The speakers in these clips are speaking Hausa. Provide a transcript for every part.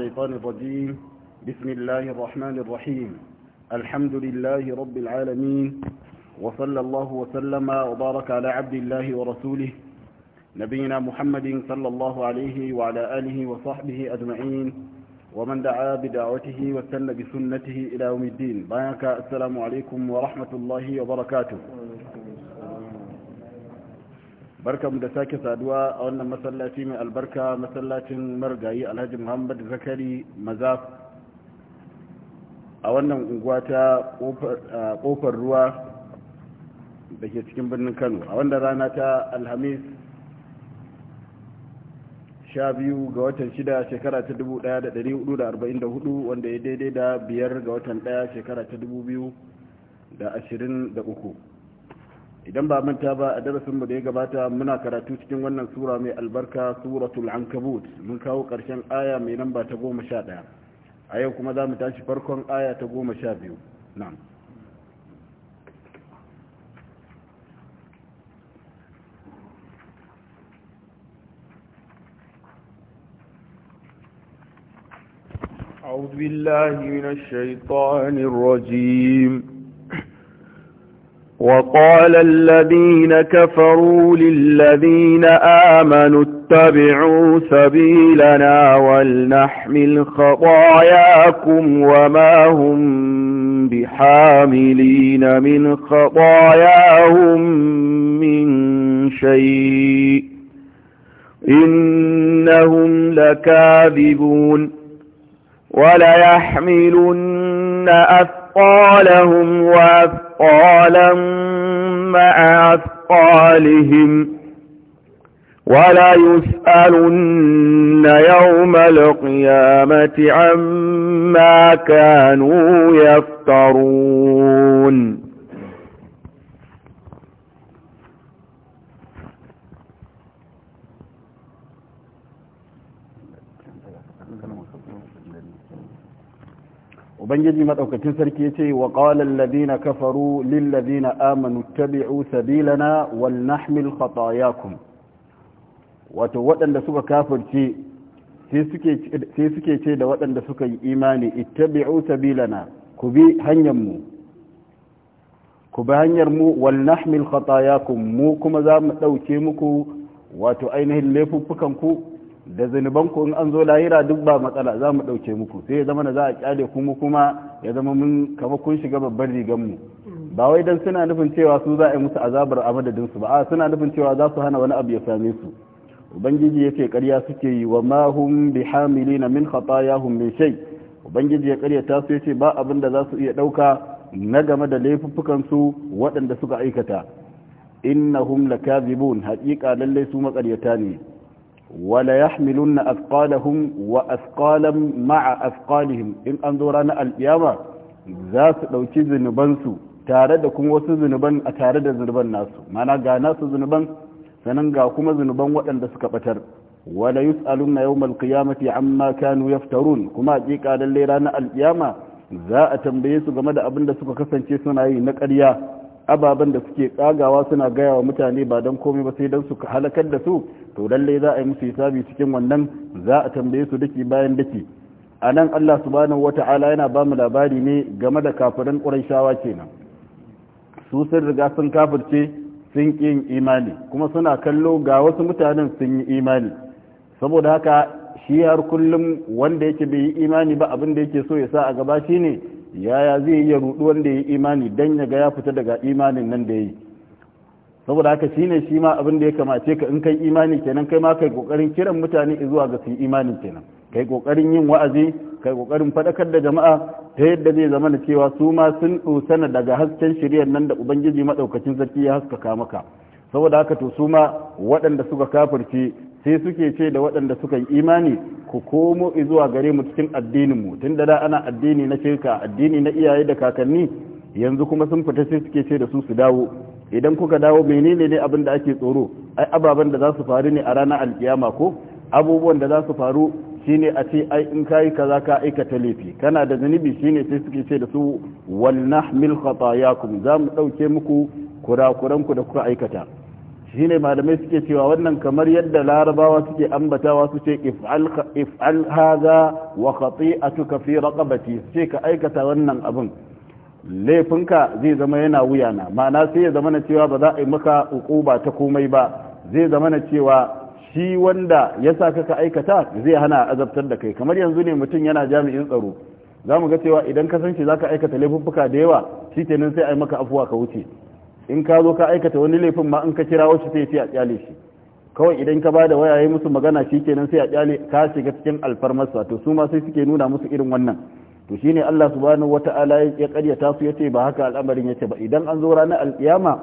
الشيطان الرجيم بسم الله الرحمن الرحيم الحمد لله رب العالمين وصلى الله وسلم وبارك على عبد الله ورسوله نبينا محمد صلى الله عليه وعلى آله وصحبه أجمعين ومن دعا بدعوته وسن بسنته إلى يوم الدين بارك السلام عليكم ورحمة الله وبركاته barkamu da sake saduwa a wannan masallaci mai albarka masallacin margayi alhaji muhammadu zakari mazaf a wannan unguwa ta kofar ruwa da ke cikin birnin kano a wanda rana ta alhamis sha biyu ga watan shida shekara ta 1444 wanda ya daidai da biyar ga watan daya shekara ta 2023 idan ba manta ba a darasin mu da ya gabata muna karatu cikin wannan sura mai albarka suratul ankabut mun kawo ƙarshen aya mai namba ta goma sha ɗaya a yau kuma za mu tashi farkon aya ta goma sha biyu na'am أعوذ بالله من الشيطان الرجيم وقال الذين كفروا للذين آمنوا اتبعوا سبيلنا ولنحمل خطاياكم وما هم بحاملين من خطاياهم من شيء إنهم لكاذبون وليحملن أثناء أثقالهم وأثقالا مع أثقالهم ولا يسألن يوم القيامة عما كانوا يفترون ubangiji madaukakin sarki yace wa ƙawalar ladina kafaru lil ladina amanu tabi'u sabilana wal nahmil khatayakum wato waɗanda suka kafirce sai suke ce da waɗanda suka yi imani ittabi'u sabilana ku bi hanyarmu mu ku bi hanyar mu wal nahmil khatayakum mu kuma za mu ɗauke muku wato ainihin laifuffukan ku da zunuban ku in an zo lahira duk ba matsala za mu ɗauke muku sai ya zama da za a kyale kuma kuma ya zama mun kama kun shiga babban rigan mu ba wai dan suna nufin cewa su za a yi musu azabar a madadin su ba a suna nufin cewa za su hana wani abu ya same su ubangiji yace ƙarya suke yi wa ma hum na min khatayahum min shay ubangiji ya ta su yace ba abin da za su iya ɗauka na game da laifuffukan su waɗanda suka aikata innahum lakazibun haƙiƙa lallai su maƙaryata ne wala yahmilunna athqalahum wa athqalan ma'a athqalihim in an zo ranar alkiyama za su dauki zunubansu tare da kuma wasu zunuban a tare da zunuban nasu mana ga nasu zunuban sanan ga kuma zunuban waɗanda suka batar wala yus'alunna yawmal qiyamati amma kanu yaftarun kuma hakika lalle ranar alkiyama za a tambaye su game da abin da suka kasance suna yi na ƙarya ababen da suke tsagawa suna gaya wa mutane ba don komai ba sai don su halakar da su to lallai za a yi musu hisabi cikin wannan za a tambaye su daki bayan daki a nan allah subhanahu wata'ala yana ba mu labari ne game da kafirin ƙuraishawa kenan su sun riga sun kafirce sun ƙin imani kuma suna kallo ga wasu mutanen sun yi imani saboda haka shi har kullum wanda yake bai yi imani ba abin da yake so ya sa a gaba shine ne yaya zai iya rudu wanda ya imani dan ya ga ya fita daga imanin nan da ya yi saboda haka shine shi ma abin da ya kamace ka in kai imani kenan kai ma kai kokarin kiran mutane zuwa ga su imani kenan kai kokarin yin wa'azi kai kokarin fadakar da jama'a ta yadda zai zama da cewa su ma sun dosana daga hasken shiriyar nan da ubangiji madaukakin sarki ya haskaka maka saboda haka to su ma waɗanda suka kafirce sai suke ce da waɗanda suka yi imani ku komo zuwa gare mu cikin addinin mu tun da da ana addini na shirka addini na iyaye da kakanni yanzu kuma sun fita sai suke ce da su su dawo idan kuka dawo menene ne abin da ake tsoro ai ababen da za su faru ne a ranar alkiyama ko abubuwan da za su faru shine a ce ai in kayi kaza ka aikata laifi kana da zunubi shine sai suke ce da su wal nahmil khatayakum za mu dauke muku kurakuranku da kuka aikata shi ne malamai suke cewa wannan kamar yadda larabawa suke ambatawa su ce if'al haza wa khati'atuka fi raqabati ce ka aikata wannan abin laifinka zai zama yana wuya na ma'ana sai ya zama na cewa ba za a yi maka uku ba ta komai ba zai zama na cewa shi wanda ya sa ka aikata zai hana azabtar da kai kamar yanzu ne mutum yana jami'in tsaro za mu ga cewa idan ka san shi za ka aikata laifuffuka da yawa shi kenan sai a yi maka afuwa ka wuce in ka zo ka aikata wani laifin ma in ka kira wasu sai sai a kyale shi kawai idan ka ba da waya yayi musu magana shi kenan sai a kyale ka shiga cikin alfarmarsa to su ma sai suke nuna musu irin wannan to shine Allah subhanahu wata'ala ya karyata su yace ba haka al'amarin yace ba idan an zo ranar alkiyama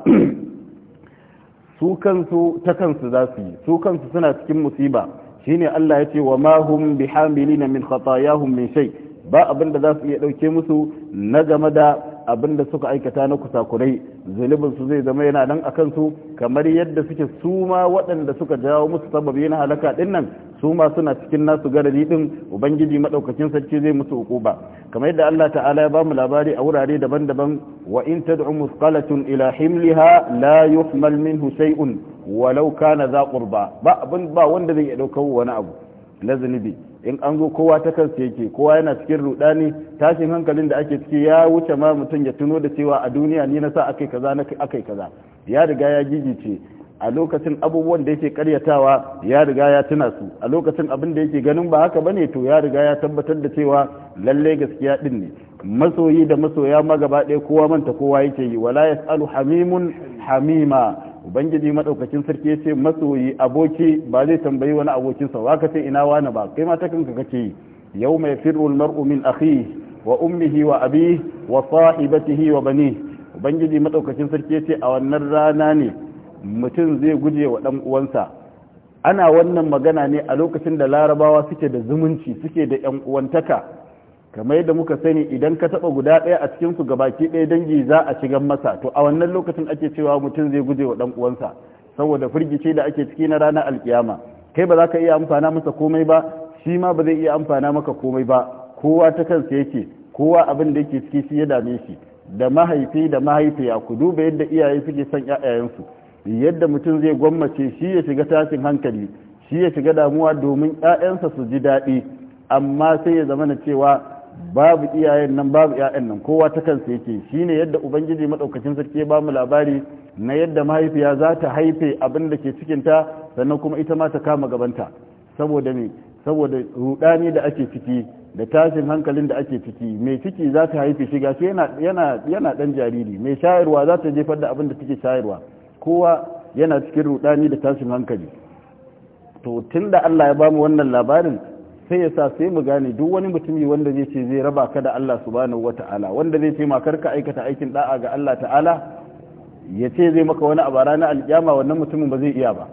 su kansu ta kansu za su yi su kansu suna cikin musiba shine Allah yace wa ma hum bihamilina min khatayahum min shay ba abin da za su iya dauke musu na game da abinda suka aikata na kusakurai zulubin su zai zama yana nan akan su kamar yadda suke su ma waɗanda suka jawo musu sababi na halaka ɗinnan nan su ma suna cikin nasu garari ɗin ubangiji madaukakin sarki zai musu ba kamar yadda Allah ta'ala ya bamu labari a wurare daban-daban wa in tad'u musqalatun ila himliha la yuhmal minhu shay'un walau kana za qurba ba abin ba wanda zai iya dauka wani abu na zunubi in an zo kowa ta kansa yake kowa yana cikin rudani tashin hankalin da ake ciki ya wuce ma mutum ya tuno da cewa a duniya ni na sa akai kaza na akai kaza ya riga ya gigice a lokacin abubuwan da yake karyatawa ya riga ya tuna su a lokacin abin da yake ganin ba haka bane to ya riga ya tabbatar da cewa lalle gaskiya din ne masoyi da masoya ma gaba ɗaya kowa manta kowa yake yi wala yasalu hamimun hamima ubangiji madaukakin sarki ce masoyi aboki ba zai tambayi wani abokin sa waka ce ina wani ba kai ma ta kanka kake yau mai firul mar'u min akhi wa ummihi wa abi wa sahibatihi wa bani ubangiji madaukakin sarki ce a wannan rana ne mutum zai guje wa dan uwansa ana wannan magana ne a lokacin da larabawa suke da zumunci suke da yan uwantaka kamar da muka sani idan ka taba guda ɗaya a cikin su gabaki ɗaya dangi za a shigan masa to a wannan lokacin ake cewa mutum zai guje wa dan uwansa saboda firgici da ake ciki na ranar alkiyama kai ba za ka iya amfana masa komai ba shi ma ba zai iya amfana maka komai ba kowa ta kansa yake kowa abin da yake ciki shi ya dame shi da mahaifi da mahaifiya ku duba yadda iyaye suke son ƴaƴayensu yadda mutum zai gwammace shi ya shiga tashin hankali shi ya shiga damuwa domin ƴaƴansa su ji daɗi amma sai ya zamana cewa babu iyayen nan babu 'ya'yan nan kowa ta kansa yake shine yadda ubangiji madaukakin sarki ya ba mu labari na yadda mahaifiya za ta haife abin da ke cikin ta sannan kuma ita ma ta kama gabanta saboda me saboda rudani da ake ciki da tashin hankalin da ake ciki mai ciki za ta haife shi gashi yana yana yana dan jariri mai shayarwa za ta jefar da abin da take shayarwa kowa yana cikin rudani da tashin hankali to tunda Allah ya ba wannan labarin sai ya sa sai mu gane duk wani mutumi wanda zai ce zai raba ka da Allah subhanahu wata'ala wanda zai ce ma karka aikata aikin da'a ga Allah ta'ala ya ce zai maka wani abara na alkiyama wannan mutumin ba zai iya ba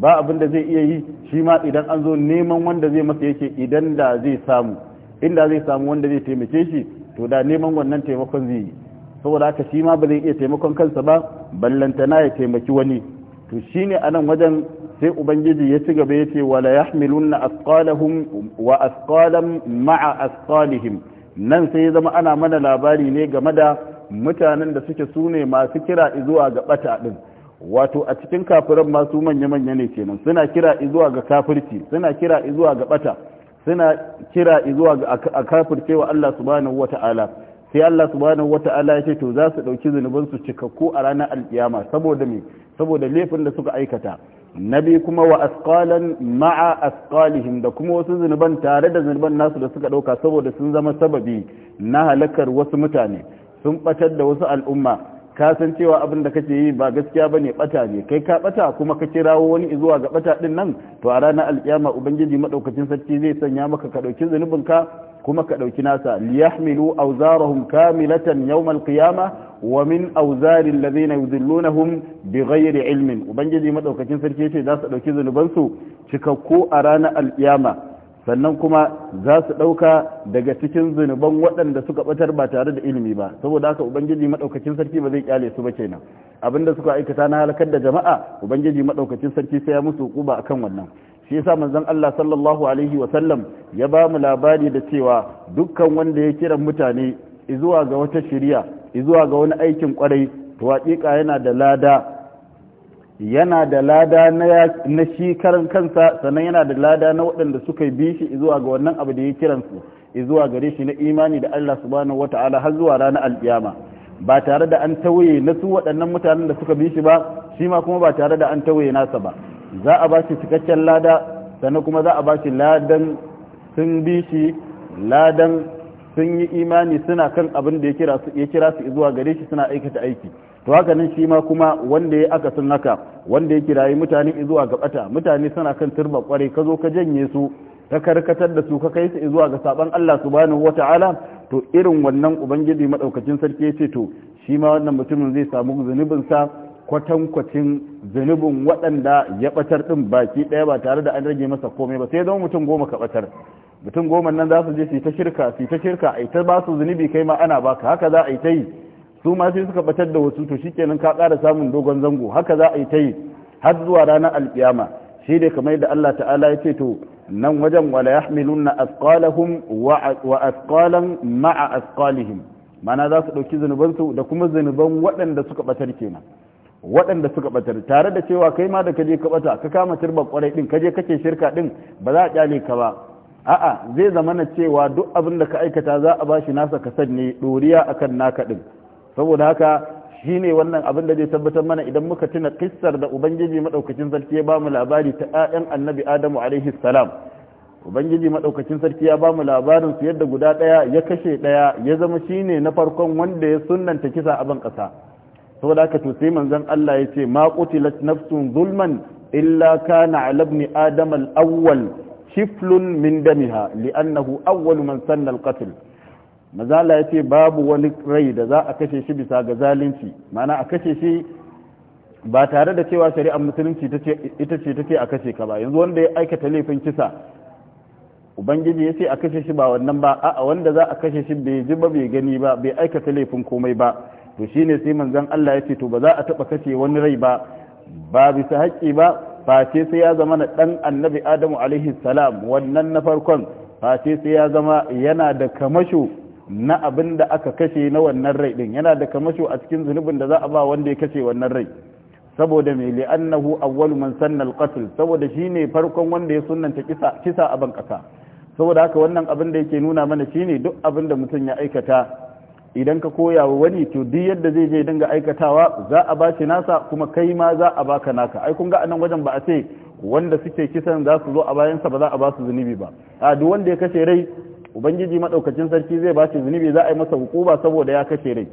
ba abin da zai iya yi shi ma idan an zo neman wanda zai masa yake idan da zai samu inda zai samu wanda zai taimake shi to da neman wannan taimakon zai yi saboda haka shi ma ba zai iya taimakon kansa ba ballantana ya taimaki wani to shine anan wajen sai ubangiji ya ci gaba ya ce wala yahmilunna asqalahum wa asqalam ma'a asqalihim nan sai zama ana mana labari ne game da mutanen da suke sune masu kira zuwa ga bata din wato a cikin kafiran masu manya-manya ne kenan suna kira zuwa ga kafirci suna kira zuwa ga bata suna kira zuwa ga a wa Allah subhanahu wata'ala sai Allah subhanahu wata'ala ya ce to za su dauki zunubansu cikakku a ranar alkiyama saboda me saboda laifin da suka aikata na bi kuma wa asqalan ma'a asqalihim da kuma wasu zunuban tare da zunuban nasu da suka ɗauka saboda sun zama sababi na halakar wasu mutane sun ɓatar da wasu al'umma ka san cewa abin da kake yi ba gaskiya bane bata ne kai ka bata kuma ka kirawo wani zuwa ga bata din nan to a ranar alkiyama ubangiji madaukakin sarki zai sanya maka ka dauki zunubin ka kuma ka dauki nasa yahmilu awzarahum kamilatan yawm alqiyama wa min awzari alladhina yudhillunahum bighairi ilmin ubangiji madaukakin sarki yace za su dauki zunuban cikakku a ranar alkiyama sannan kuma za su ɗauka daga cikin zunuban waɗanda suka ɓatar ba tare da ilimi ba saboda haka ubangiji maɗaukacin sarki ba zai kyale su ba kenan abinda suka aikata na halakar da jama'a ubangiji maɗaukacin sarki sai ya musu hukuba akan wannan shi yasa manzon Allah sallallahu alaihi wa sallam ya ba mu labari da cewa dukkan wanda ya kira mutane izuwa ga wata shari'a izuwa ga wani aikin kwarai to hakika yana da lada yana da lada na shi karan kansa sannan yana da lada na waɗanda suka bi shi zuwa ga wannan abu da ya kiransu zuwa gare shi na imani da Allah subhanahu wata'ala har zuwa ranar alkiyama ba tare da an tawaye na su waɗannan mutanen da suka bi shi ba shi ma kuma ba tare da an tawaye nasa ba za a ba shi cikakken lada sannan kuma za a ba shi ladan sun bi shi ladan sun yi imani suna kan abin da ya kira su zuwa gare shi suna aikata aiki to haka nan shi ma kuma wanda ya aka sun haka wanda ya kirayi mutane zuwa ga bata mutane suna kan turba kwarai ka zo ka janye su ka karkatar da su ka kai su zuwa ga saban Allah subhanahu wataala to irin wannan ubangiji madaukakin sarki ce to shi ma wannan mutumin zai samu zunubin sa kwacin zunubin waɗanda ya batar din baki ɗaya ba tare da an rage masa komai ba sai zama mutum goma ka batar mutum goma nan za su je su ta shirka su ta shirka a ta ba su zunubi kai ma ana baka haka za a yi ta yi su ma sai suka batar da wasu to shikenan ka ƙara samun dogon zango haka za a yi ta yi har zuwa ranar alkiyama shi ne kamar da Allah ta'ala ya ce to nan wajen wala na asqalahum wa asqalan ma'a asqalihim mana za su dauki zanubansu da kuma zunuban waɗanda suka batar kenan waɗanda suka batar tare da cewa kai ma da ka je ka bata ka kama turban kwarai din ka je kake shirka din ba za a kyale ka ba a'a zai zama na cewa duk abin da ka aikata za a bashi nasa ka ne doriya akan naka ɗin saboda haka shine wannan abin da zai tabbatar mana idan muka tuna kissar da ubangiji madaukakin sarki ya ba mu labari ta ƴaƴan annabi adamu alaihi salam ubangiji madaukakin sarki ya ba mu labarin su yadda guda daya ya kashe daya ya zama shine na farkon wanda ya sunnanta kisa a ban kasa saboda haka to sai manzon Allah ya ce ma qutilat nafsun zulman illa kana ala ibn adam al-awwal shiflun min damiha li'annahu awwal man sanna al-qatl mazala ya ce babu wani rai da za a kashe shi bisa ga zalunci mana a kashe shi ba tare da cewa shari'ar musulunci ita ce take a kashe ka ba yanzu wanda ya aikata laifin kisa ubangiji ya ce a kashe shi ba wannan ba a'a wanda za a kashe shi bai ji ba bai gani ba bai aikata laifin komai ba to shine sai manzan Allah ya ce to ba za a taba kashe wani rai ba ba bisa haƙƙi ba face sai ya zama na dan annabi Adamu alaihi salam wannan na farkon face sai ya zama yana da kamasho na abin da aka kashe na wannan rai din yana da kamasho a cikin zunubin da za a ba wanda ya kashe wannan rai saboda mai li'annahu awwalu man sanna al-qatl saboda shine farkon wanda ya sunnanta kisa kisa a bankasa saboda haka wannan abin da yake nuna mana shine duk abin da mutum ya aikata idan ka koya wa wani to duk yadda zai je dinga aikatawa za a ba shi nasa kuma kai ma za a baka naka ai kun ga anan wajen ba a ce wanda suke kisan za su zo a bayansa ba za a ba su zunubi ba a duk wanda ya kashe rai ubangiji maɗaukacin sarki zai bashi zunubi za a yi masa hukuma saboda ya kashe rai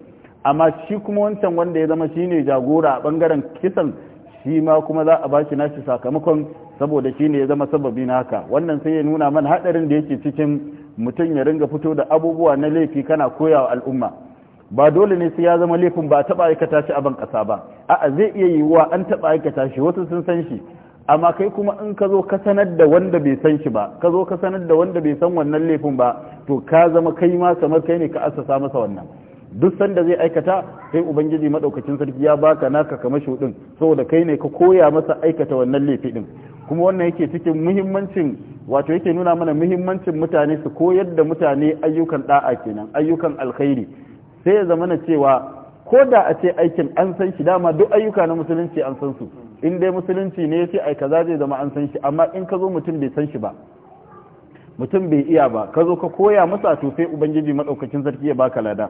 amma shi kuma wancan wanda ya zama shine jagora a bangaren kisan shi ma kuma za a ba shi nashi sakamakon saboda shi ne ya zama sababi na haka wannan sai ya nuna mana hadarin da yake cikin mutum ya ringa fito da abubuwa na laifi kana koyawa al'umma ba dole ne sai ya zama laifin ba a taɓa aikata shi a ban ƙasa ba a'a zai iya yiwuwa an taɓa aikata shi wasu sun san shi amma kai kuma in ka zo ka sanar da wanda bai san shi ba ka zo ka sanar da wanda bai san wannan laifin ba to ka zama kai ma kamar kai ne ka assasa masa wannan duk sanda zai aikata sai ubangiji madaukakin sarki ya baka naka kamar shudin saboda kai ne ka koya masa aikata wannan laifi din kuma wannan yake cikin muhimmancin wato yake nuna mana muhimmancin mutane su koyar da mutane ayyukan da'a kenan ayyukan alkhairi sai ya zama na cewa ko da a ce aikin an san shi dama duk ayyuka na musulunci an san su in dai musulunci ne yace ai kaza zai zama an san shi amma in ka zo mutum bai san shi ba mutum bai iya ba ka zo ka koya masa to sai ubangiji madaukakin sarki ya baka lada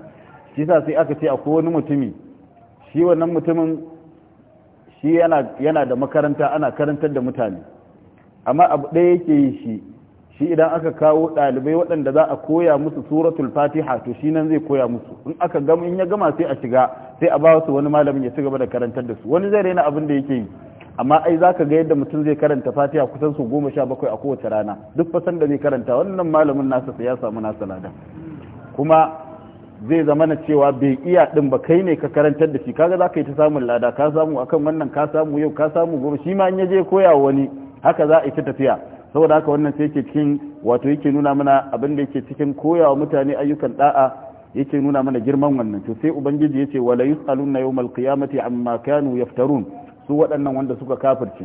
shi sa sai aka ce akwai wani mutumi shi wannan mutumin shi yana yana da makaranta ana karantar da mutane amma abu ɗaya yake yi shi shi idan aka kawo ɗalibai waɗanda za a koya musu suratul fatiha to shi nan zai koya musu in aka gama in ya gama sai a shiga sai a ba su wani malamin ya ci gaba da karantar da su wani zai raina abin da yake yi amma ai za ka ga yadda mutum zai karanta fatiha kusan su goma sha bakwai a kowace rana duk fasan da zai karanta wannan malamin nasa sai ya samu nasa lada kuma zai zama na cewa bai iya din ba kai ne ka karantar da shi kaga za ka yi ta samun lada ka samu akan wannan ka samu yau ka samu goma shi ma in ya je koya wani haka za a yi ta tafiya saboda haka wannan sai yake cikin wato yake nuna mana abin da yake cikin koyawa mutane ayyukan da'a yake nuna mana girman wannan to sai ubangiji yace wala yusaluna yawmal qiyamati amma kanu yaftarun su waɗannan wanda suka kafirce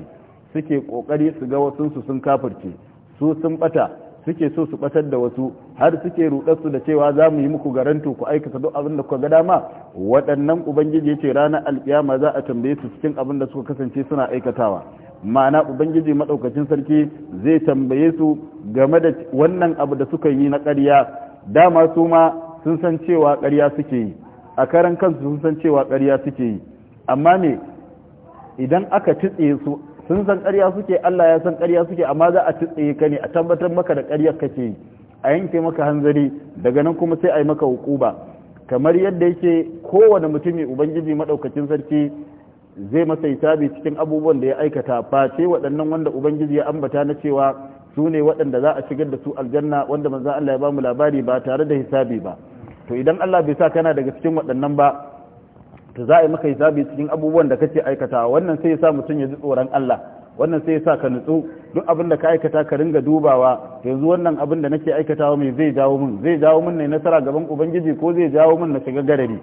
suke kokari su ga wasun su sun kafirce su sun bata suke so su batar da wasu har suke rudar su da cewa za mu yi muku garanto ku aikata duk abin da kuka ga dama waɗannan ubangiji yace ranar alkiyama za a tambaye su cikin abin da suka kasance suna aikatawa ma'ana ubangiji maɗaukacin sarki zai tambaye su game da wannan abu da suka yi na ƙarya dama su ma sun san cewa ƙarya suke yi a karan kansu sun san cewa ƙarya suke yi amma ne idan aka tutse su sun san ƙarya suke Allah ya san ƙarya suke amma za a tutse ka ne a tabbatar maka da ƙarya kake yi a yanke maka hanzari daga nan kuma sai a yi maka hukuba kamar yadda yake kowane mutumi ubangiji maɗaukacin sarki zai masa hisabi cikin abubuwan da ya aikata face waɗannan wanda ubangiji ya ambata na cewa su ne waɗanda za a shigar da su aljanna wanda manzan Allah ya ba mu labari ba tare da hisabi ba to idan Allah bai sa kana daga cikin waɗannan ba to za a yi maka hisabi cikin abubuwan da kake aikata wannan sai ya sa mutum ya ji tsoron Allah wannan sai ya sa ka nutsu duk abin da ka aikata ka ringa dubawa yanzu wannan abin da nake aikatawa mai zai jawo mun zai jawo mun ne nasara gaban ubangiji ko zai jawo mun na shiga garari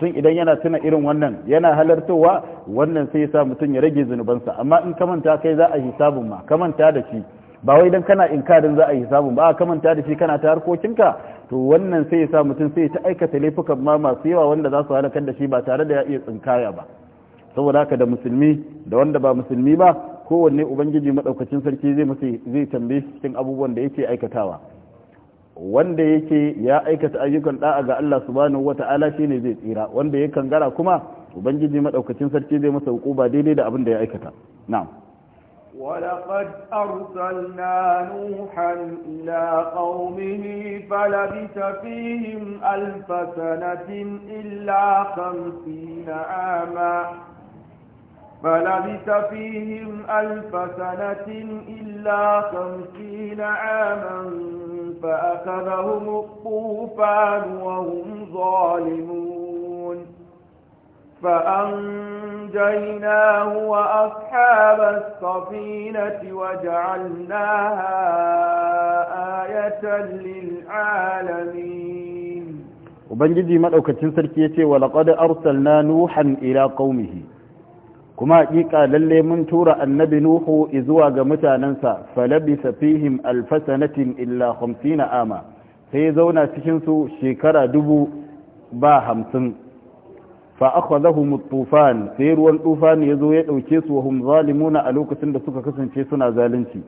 mutum idan yana tuna irin wannan yana halartowa wannan sai ya sa mutum ya rage zunubansa amma in kamanta kai za a hisabun ma kamanta da shi ba wai dan kana inkarin za a hisabun ba a kamanta da shi kana ta harkokinka to wannan sai ya sa mutum sai ta aikata laifukan ma masu yawa wanda za su halakar da shi ba tare da ya iya tsinkaya ba saboda haka da musulmi da wanda ba musulmi ba kowanne ubangiji madaukakin sarki zai musu zai tambaye cikin abubuwan da yake aikatawa wanda yake ya aikata ayyukan da'a ga Allah subhanahu wata'ala shine zai tsira wanda ya kangara kuma ubangiji madaukakin sarki zai masa hukuba daidai da abin da ya aikata na'am ولقد أرسلنا نوحا إلى قومه فلبث فيهم ألف سنة إلا خمسين عاما فلبث فيهم ألف سنة إلا خمسين عاما فأخذهم الطوفان وهم ظالمون فأنجيناه وأصحاب السفينة وجعلناها آية للعالمين وبنجدي مدعوكة تنسر كيتي ولقد أرسلنا نوحا إلى قومه kuma haƙiƙa lalle mun tura annabi nuhu zuwa ga mutanensa falabisa fihim alfasanatin illa hamsina ama sai ya zauna cikinsu shekara dubu ba hamsin fa'akwazahum tufan sai ruwan tufan ya zo ya ɗauke su wa zalimuna a lokacin da suka kasance suna zalunci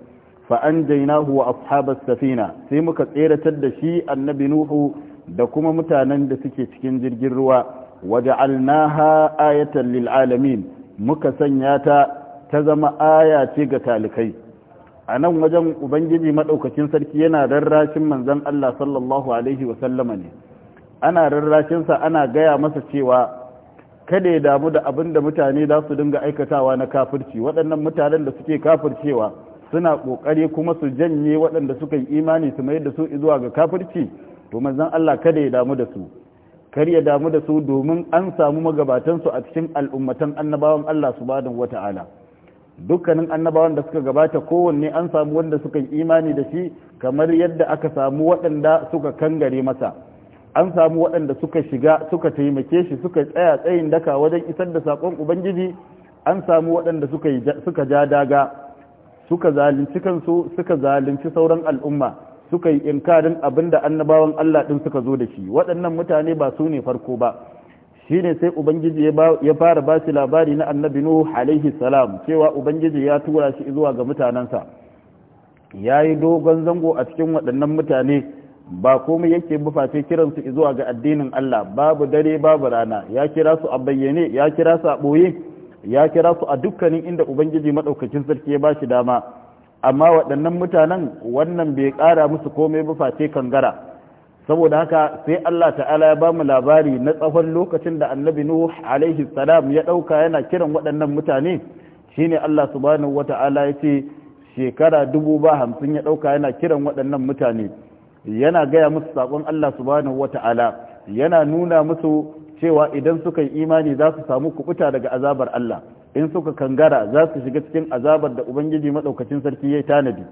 fa an jainahu wa ashabas safina sai muka tseratar da shi annabi nuhu da kuma mutanen da suke cikin jirgin ruwa waja'alnaha ayatan lil muka sanya ta ta zama aya ce ga talikai a nan wajen ubangiji maɗaukacin sarki yana rarrashin manzan Allah sallallahu alaihi wasallama ne ana rarrashinsa ana gaya masa cewa kada ya damu da abin da mutane za su dinga aikatawa na kafirci waɗannan mutanen da suke kafircewa suna ƙoƙari kuma su janye waɗanda suka yi imani su mai da su zuwa ga kafirci to manzan Allah kada ya damu da su kar ya damu da su domin an samu magabatansu a cikin al'ummatan annabawan Allah su subhanahu wata'ala dukkanin annabawan da suka gabata kowanne an samu wanda suka yi imani da shi kamar yadda aka samu waɗanda suka kangare masa an samu waɗanda suka shiga suka taimake shi suka tsaya tsayin daka wajen isar da sakon ubangiji an samu waɗanda suka ja daga suka zalunci kansu suka zalunci sauran al'umma suka yi inkarin abinda annabawan Allah ɗin suka zo da shi waɗannan mutane ba su ne farko ba shine sai ubangiji ya fara ba shi labari na annabi nuhu alaihi salam cewa ubangiji ya tura shi zuwa ga mutanensa ya yi dogon zango a cikin waɗannan mutane ba komai yake bufafe kiransu zuwa ga addinin Allah babu dare babu rana ya kira su a bayyane ya kira su a ɓoye ya kira su a dukkanin inda ubangiji maɗaukakin sarki ya ba shi dama amma waɗannan mutanen wannan bai ƙara musu komai ba face kangara saboda haka sai Allah ta'ala ya ba mu labari na tsawon lokacin da annabi Nuh alaihi salam ya ɗauka yana kiran waɗannan mutane shine Allah subhanahu wata'ala ya ce shekara dubu ba hamsin ya ɗauka yana kiran waɗannan mutane yana gaya musu saƙon Allah subhanahu wata'ala yana nuna musu cewa idan suka yi imani za su samu kuɓuta daga azabar Allah in suka kangara za su shiga cikin azabar da ubangiji maɗaukacin sarki ya yi tanadi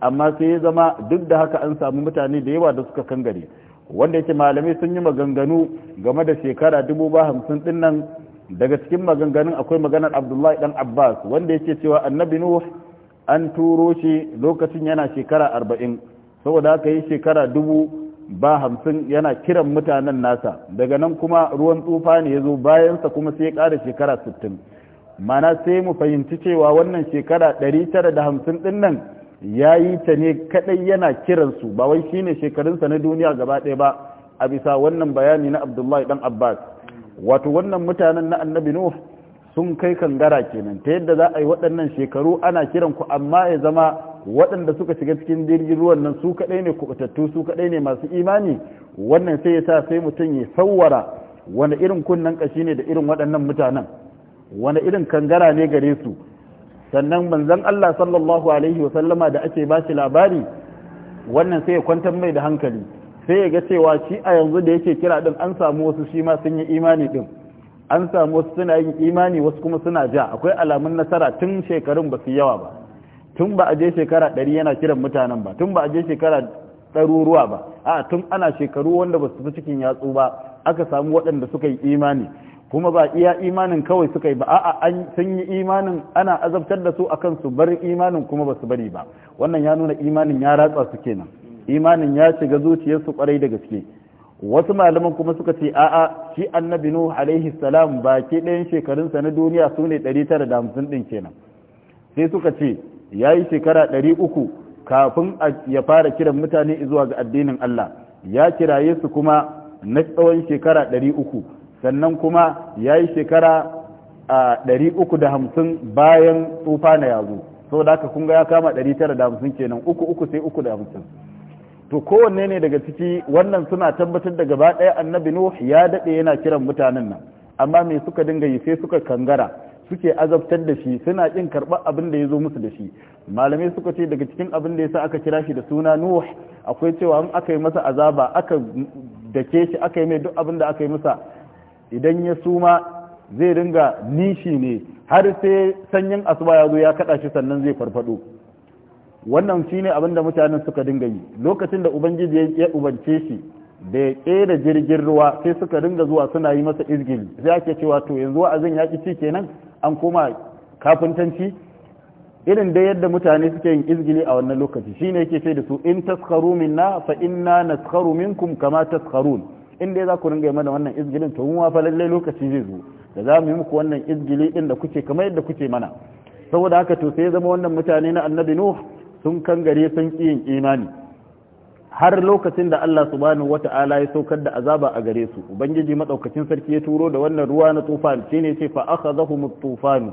amma sai ya zama duk da haka an samu mutane da yawa da suka kangare wanda yake malamai sun yi maganganu game da shekara dubu ba hamsin din nan daga cikin maganganun akwai maganar abdullahi dan abbas wanda yake cewa annabi nuhu an turo shi lokacin yana shekara arba'in saboda haka yi shekara dubu ba hamsin yana kiran mutanen nasa daga nan kuma ruwan tsufa ne ya zo bayansa kuma sai ya ƙara shekara sittin mana sai mu fahimci cewa wannan shekara ɗari 950 ɗin nan ya yi ta ne kaɗai yana kiransu ba wai shine shekarunsa na duniya gaba ɗaya ba a bisa wannan bayani na abdullahi dan abbas wato wannan mutanen na annabi nuh sun kai kangara kenan ta yadda za a yi waɗannan shekaru ana kiran ku amma ya zama waɗanda suka shiga cikin jirgin ruwan nan su kaɗai ne kuɓutattu su kaɗai ne masu imani wannan sai ya sa sai mutum ya sawwara wani irin kunnen ƙashi ne da irin waɗannan mutanen wani irin kangara ne gare su sannan manzan Allah sallallahu alaihi wa da ake ba shi labari wannan sai ya kwantar mai da hankali sai ya ga cewa shi a yanzu da yake kira din an samu wasu shi ma sun yi imani din an samu wasu suna yin imani wasu kuma suna ja akwai alamun nasara tun shekarun ba su yawa ba tun ba a je shekara ɗari yana kiran mutanen ba tun ba a je shekara ɗaruruwa ba a tun ana shekaru wanda ba su fi cikin yatsu ba aka samu waɗanda suka yi imani kuma ba iya imanin kawai suka yi ba a'a an sun yi imanin ana azabtar da su akan su bar imanin kuma ba su bari ba wannan ya nuna imanin ya ratsa su kenan imanin ya shiga zuciyarsu kwarai da gaske wasu malaman kuma suka ce a'a shi annabi nuhu alaihi salam baki ɗayan shekarunsa na duniya su ne hamsin ɗin kenan sai suka ce ya yi shekara uku kafin ya fara kiran mutane zuwa ga addinin Allah ya kiraye su kuma na tsawon shekara ɗari uku. sannan kuma ya yi shekara a ɗari uku da hamsin bayan tsufa na yazo sau haka aka kunga ya kama ɗari tara da hamsin kenan uku uku sai uku da hamsin to kowanne ne daga ciki wannan suna tabbatar da gaba ɗaya annabi nuh ya daɗe yana kiran mutanen nan amma me suka dinga yi sai suka kangara suke azabtar da shi suna ƙin karɓar abin da ya zo musu da shi malamai suka ce daga cikin abin da ya sa aka kira shi da suna nuh akwai cewa in aka yi masa azaba aka dake shi aka yi mai duk abin da aka yi masa idan ya suma zai ringa nishi ne har sai sanyin asuba ya zo ya kada shi sannan zai farfado wannan shine abin da mutanen suka dinga yi lokacin da ubangiji ya ubance shi da ya kera jirgin ruwa sai suka dinga zuwa suna yi masa izgili sai ake cewa to yanzu zan yaki ci kenan an koma kafintanci irin da yadda mutane suke yin izgili a wannan lokaci shine yake ce da su in taskaru minna fa inna naskaru minkum kama taskarun in dai za ku ringa mana wannan izgilin to mun fa lallai lokaci zai zo da za mu yi muku wannan izgili din da kuke kamar yadda kuke mana saboda haka to sai zama wannan mutane na annabi nuh sun gare sun yin imani har lokacin da Allah subhanahu wata'ala ya saukar da azaba a gare su ubangiji madaukakin sarki ya turo da wannan ruwa na tufan shine ce fa akhadhahum at-tufan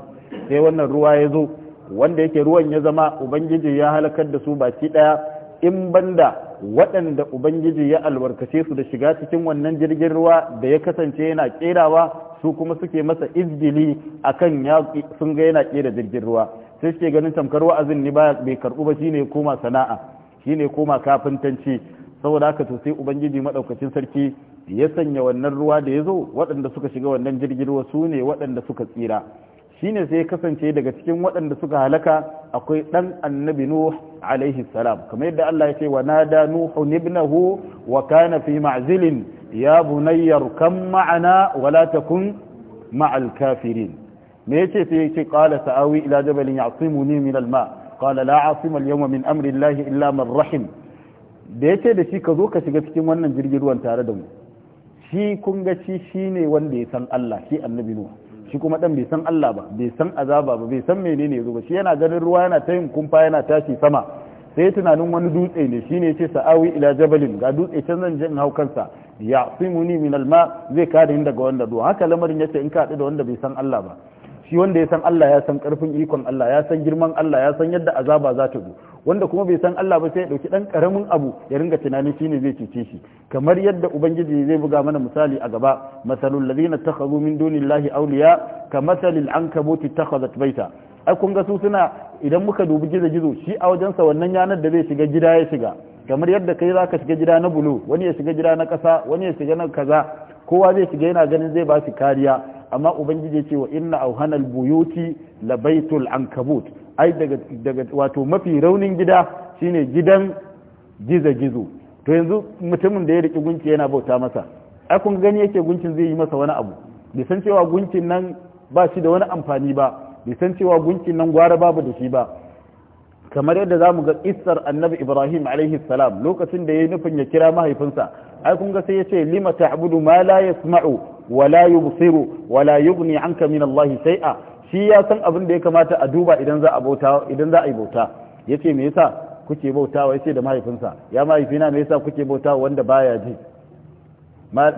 sai wannan ruwa ya zo wanda yake ruwan ya zama ubangiji ya halakar da su baki daya in banda waɗanda ubangiji ya albarkace su da shiga cikin wannan jirgin ruwa da ya kasance yana ƙerawa su kuma suke masa izgili a kan sun ga yana ƙera jirgin ruwa sai suke ganin tamkar wa'azin ni ba bai karɓu ba shine koma sana'a shine koma kafintanci saboda haka to sai ubangiji madaukakin sarki ya sanya wannan ruwa da ya zo waɗanda suka shiga wannan jirgin ruwa su ne waɗanda suka tsira shi ne sai kasance daga cikin waɗanda suka halaka akwai ɗan annabi nuh alaihi salam kamar yadda Allah ya ce wa nada nuhu ibnahu wa kana fi ma'zilin ya bunayyar kam ma'ana wa takun ma'al kafirin me yace sai ya ce qala sa'awi ila jabalin ya'simuni min al-ma qala la 'asima al-yawma min amri Allah illa man rahim da yace da shi ka zo ka shiga cikin wannan jirgin ruwan tare da mu shi kun ga shi shine wanda ya san Allah shi annabi nuh shi kuma dan bai san Allah ba bai san azaba ba bai san menene yazo ba shi yana ganin ruwa yana ta yin kumfa yana tashi sama sai tunanin wani dutse ne shine yace sa'awi ila jabalin ga dutse can zan je in hau kansa ya simuni min alma zai kada ni daga wanda ruwa haka lamarin yace in ka da wanda bai san Allah ba shi wanda ya san Allah ya san karfin ikon Allah ya san girman Allah ya san yadda azaba za ta zo wanda kuma bai san Allah ba sai ya dauki dan karamin abu ya ringa tunanin shine zai cece shi kamar yadda ubangiji zai buga mana misali a gaba masalul ladina takhadhu min dunillahi awliya kamathalil ankabuti takhadhat baita ai kun ga su suna idan muka dubi gizo gizo shi a wajen sa wannan yanar da zai shiga gida ya shiga kamar yadda kai zaka shiga gida na bulo wani ya shiga gida na kasa wani ya shiga na kaza kowa zai shiga yana ganin zai ba shi kariya amma ubangiji ya ce wa inna auhanal buyuti labaitul ankabut ai daga daga wato mafi raunin gida shine gidan gizo-gizo to yanzu mutumin da ya riki gunki yana bauta masa ai kun gani yake gunkin zai yi masa wani abu bai san cewa gunkin nan ba shi da wani amfani ba bai san cewa gunkin nan gwara babu da shi ba kamar yadda za mu ga isar annabi ibrahim alaihi salam lokacin da ya nufin ya kira mahaifinsa ai kun ga sai ya ce lima ta'budu ma la yasma'u wa la yubsiru wa la yughni anka min allahi shay'a shi ya san abin da ya kamata a duba idan za a bauta idan za a yi bauta yace me yasa kuke bautawa ce da mahaifinsa ya mahaifina me yasa kuke bautawa wanda baya ji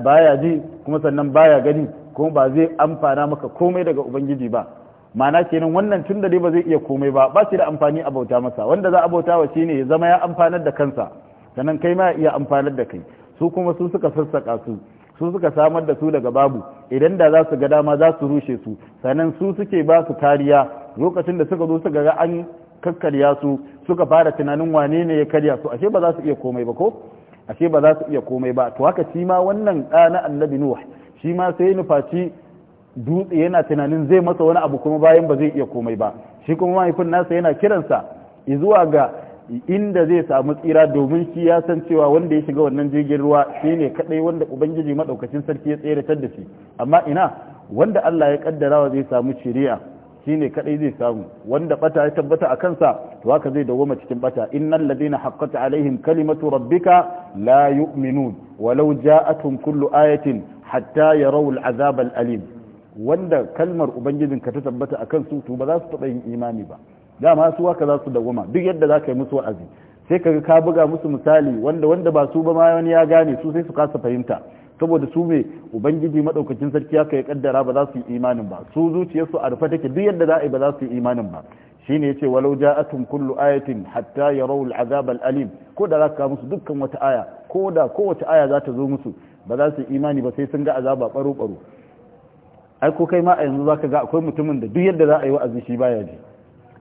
baya ji kuma sannan baya gani kuma ba zai amfana maka komai daga ubangiji ba mana kenan wannan tun da dai ba zai iya komai ba ba shi da amfani a bauta masa wanda za a bauta wa shine ya zama ya amfanar da kansa sannan kai ma ya iya amfanar da kai su kuma su suka sassaka su su suka samar da su daga babu idan da za su ga dama za su rushe su sannan su suke ba su kariya lokacin da suka zo suka ga an kakkarya su suka fara tunanin wane ne ya karya su ashe ba za su iya komai ba ko ashe ba za su iya komai ba to haka shi ma wannan ɗa na annabi nuh shi ma sai nufaci dutse yana tunanin zai masa wani abu kuma bayan ba zai iya komai ba shi kuma mahaifin nasa yana kiransa izuwa ga inda zai samu tsira domin shi ya san cewa wanda ya shiga wannan jirgin ruwa shi ne kadai wanda ubangiji madaukakin sarki ya tseratar da shi amma ina wanda Allah ya kaddarawa zai samu shiriya shi ne kadai zai samu wanda bata ya tabbata a kansa to haka zai dawoma cikin bata innal ladina haqqat alaihim kalimatu rabbika la yu'minun walau ja'atuhum kullu ayatin hatta yarawu al'azab al'alim wanda kalmar ubangijinka ta tabbata akan su to ba za su taɓa yin imani ba dama su haka za su dawwama duk yadda za ka yi musu wa'azi sai ka ka buga musu misali wanda wanda ba su ba ma wani ya gane su sai su kasa fahimta saboda su me ubangiji madaukakin sarki aka ya kaddara ba za su yi imanin ba su zuciyarsu a rufe take duk yadda za a yi ba za su yi imanin ba shine yace walau ja'atun kullu ayatin hatta yarawul azab al'alim ko da za ka musu dukkan wata aya ko da kowace aya za ta zo musu ba za su yi imani ba sai sun ga azaba baro baro ai ko kai ma a yanzu zaka ga akwai mutumin da duk yadda za a yi wa'azi shi baya ji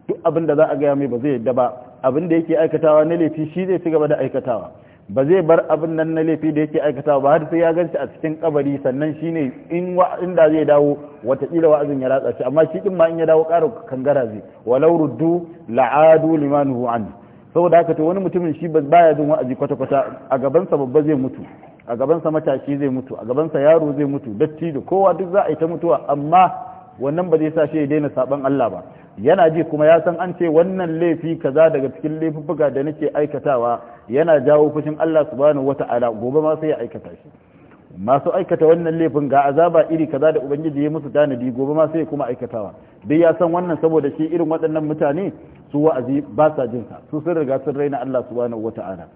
duk abin da za a gaya mai ba zai yadda ba abin da yake aikatawa na laifi shi zai ci gaba da aikatawa ba zai bar abin nan na laifi da yake aikatawa ba har sai ya ganci a cikin kabari sannan shi in inda zai dawo watakila wa'azin ya ratsa shi amma shi ɗin ma in ya dawo ƙara kangara zai walau ruddu la'adu limanuhu an saboda haka to wani mutumin shi baya jin wa'azi kwata kwata a gabansa babba zai mutu a gabansa matashi zai mutu a gabansa yaro zai mutu datti da kowa duk za a yi ta mutuwa amma wannan ba zai sa shi ya daina saban Allah ba yana ji kuma ya san an ce wannan laifi kaza daga cikin laifuffuka da nake aikatawa yana jawo fushin Allah subhanahu wata'ala gobe ma sai ya aikata shi masu aikata wannan laifin ga azaba iri kaza da ubangiji ya musu tanadi gobe ma sai ya kuma aikatawa dai ya san wannan saboda shi irin waɗannan mutane su wa'azi ba sa jin sa su sun riga sun raina Allah subhanahu wata'ala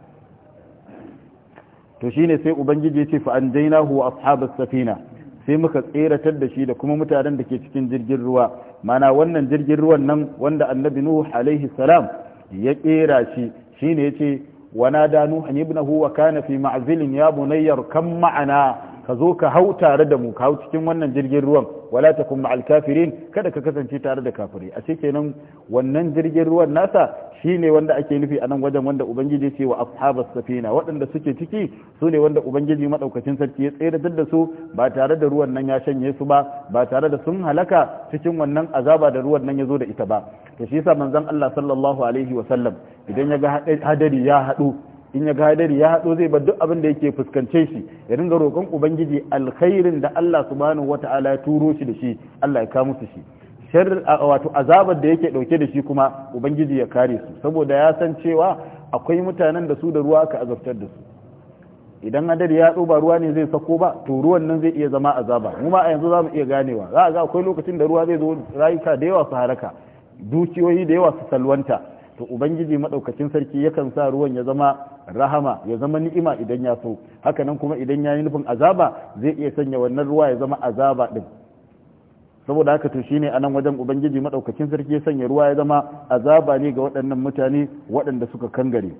to shine sai ubangiji ya ce fa anjaynahu wa ashabas safina sai muka tseratar da shi da kuma mutanen da ke cikin jirgin ruwa mana wannan jirgin ruwan nan wanda annabi nuhu alaihi salam ya kera shi shine yace wana da nuhu ibnahu wa kana fi ma'zilin ya bunayya kan ma'ana ka zo ka hau tare da mu ka hau cikin wannan jirgin ruwan wala takum ma'al alkafirin kada ka kasance tare da kafirai a kenan wannan jirgin ruwan nasa shine wanda ake nufi a nan wajen wanda ubangiji ce wa ashabas safina waɗanda suke ciki su ne wanda ubangiji madaukakin sarki ya tseratar da su ba tare da ruwan nan ya shanye su ba ba tare da sun halaka cikin wannan azaba da ruwan nan ya zo da ita ba to shi yasa manzon Allah sallallahu alaihi wa sallam idan ya ga hadari ya haɗu in ya ga ya haɗo zai bar duk abin da yake fuskance shi ya dinga roƙon ubangiji alkhairin da Allah subhanahu wata'ala ya turo shi da shi Allah ya kawo musu shi shar wato azabar da yake dauke da shi kuma ubangiji ya kare su saboda ya san cewa akwai mutanen da su da ruwa aka azabtar da su idan hadari ya ba ruwa ne zai sako ba to ruwan nan zai iya zama azaba mu ma a yanzu za mu iya ganewa za a ga akwai lokacin da ruwa zai zo rayuka da yawa su haraka dukiyoyi da yawa su salwanta to ubangiji madaukakin sarki yakan sa ruwan ya zama rahama ya zama ni'ima idan ya so haka kuma idan ya yi nufin azaba zai iya sanya wannan ruwa ya zama azaba din saboda haka to shine anan wajen ubangiji madaukakin sarki ya sanya ruwa ya zama azaba ne ga waɗannan mutane waɗanda suka kangare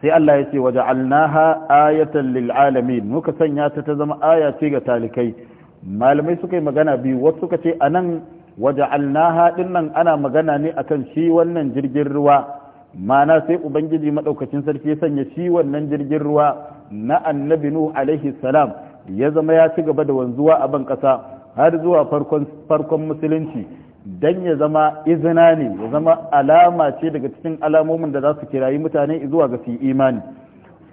sai Allah ya ce waja'alnaha ayatan lil alamin muka sanya ta ta zama aya ce ga talikai malamai suka yi magana biyu wasu suka ce anan waja'alnaha dinnan ana magana ne akan shi wannan jirgin ruwa mana sai ubangiji madaukakin sarki ya sanya shi wannan jirgin ruwa na annabi nuhu alaihi salam ya zama ya ci gaba da wanzuwa a ban kasa har zuwa farkon farkon musulunci dan ya zama izina ne ya zama alama ce daga cikin alamomin da za su kirayi mutane zuwa ga su imani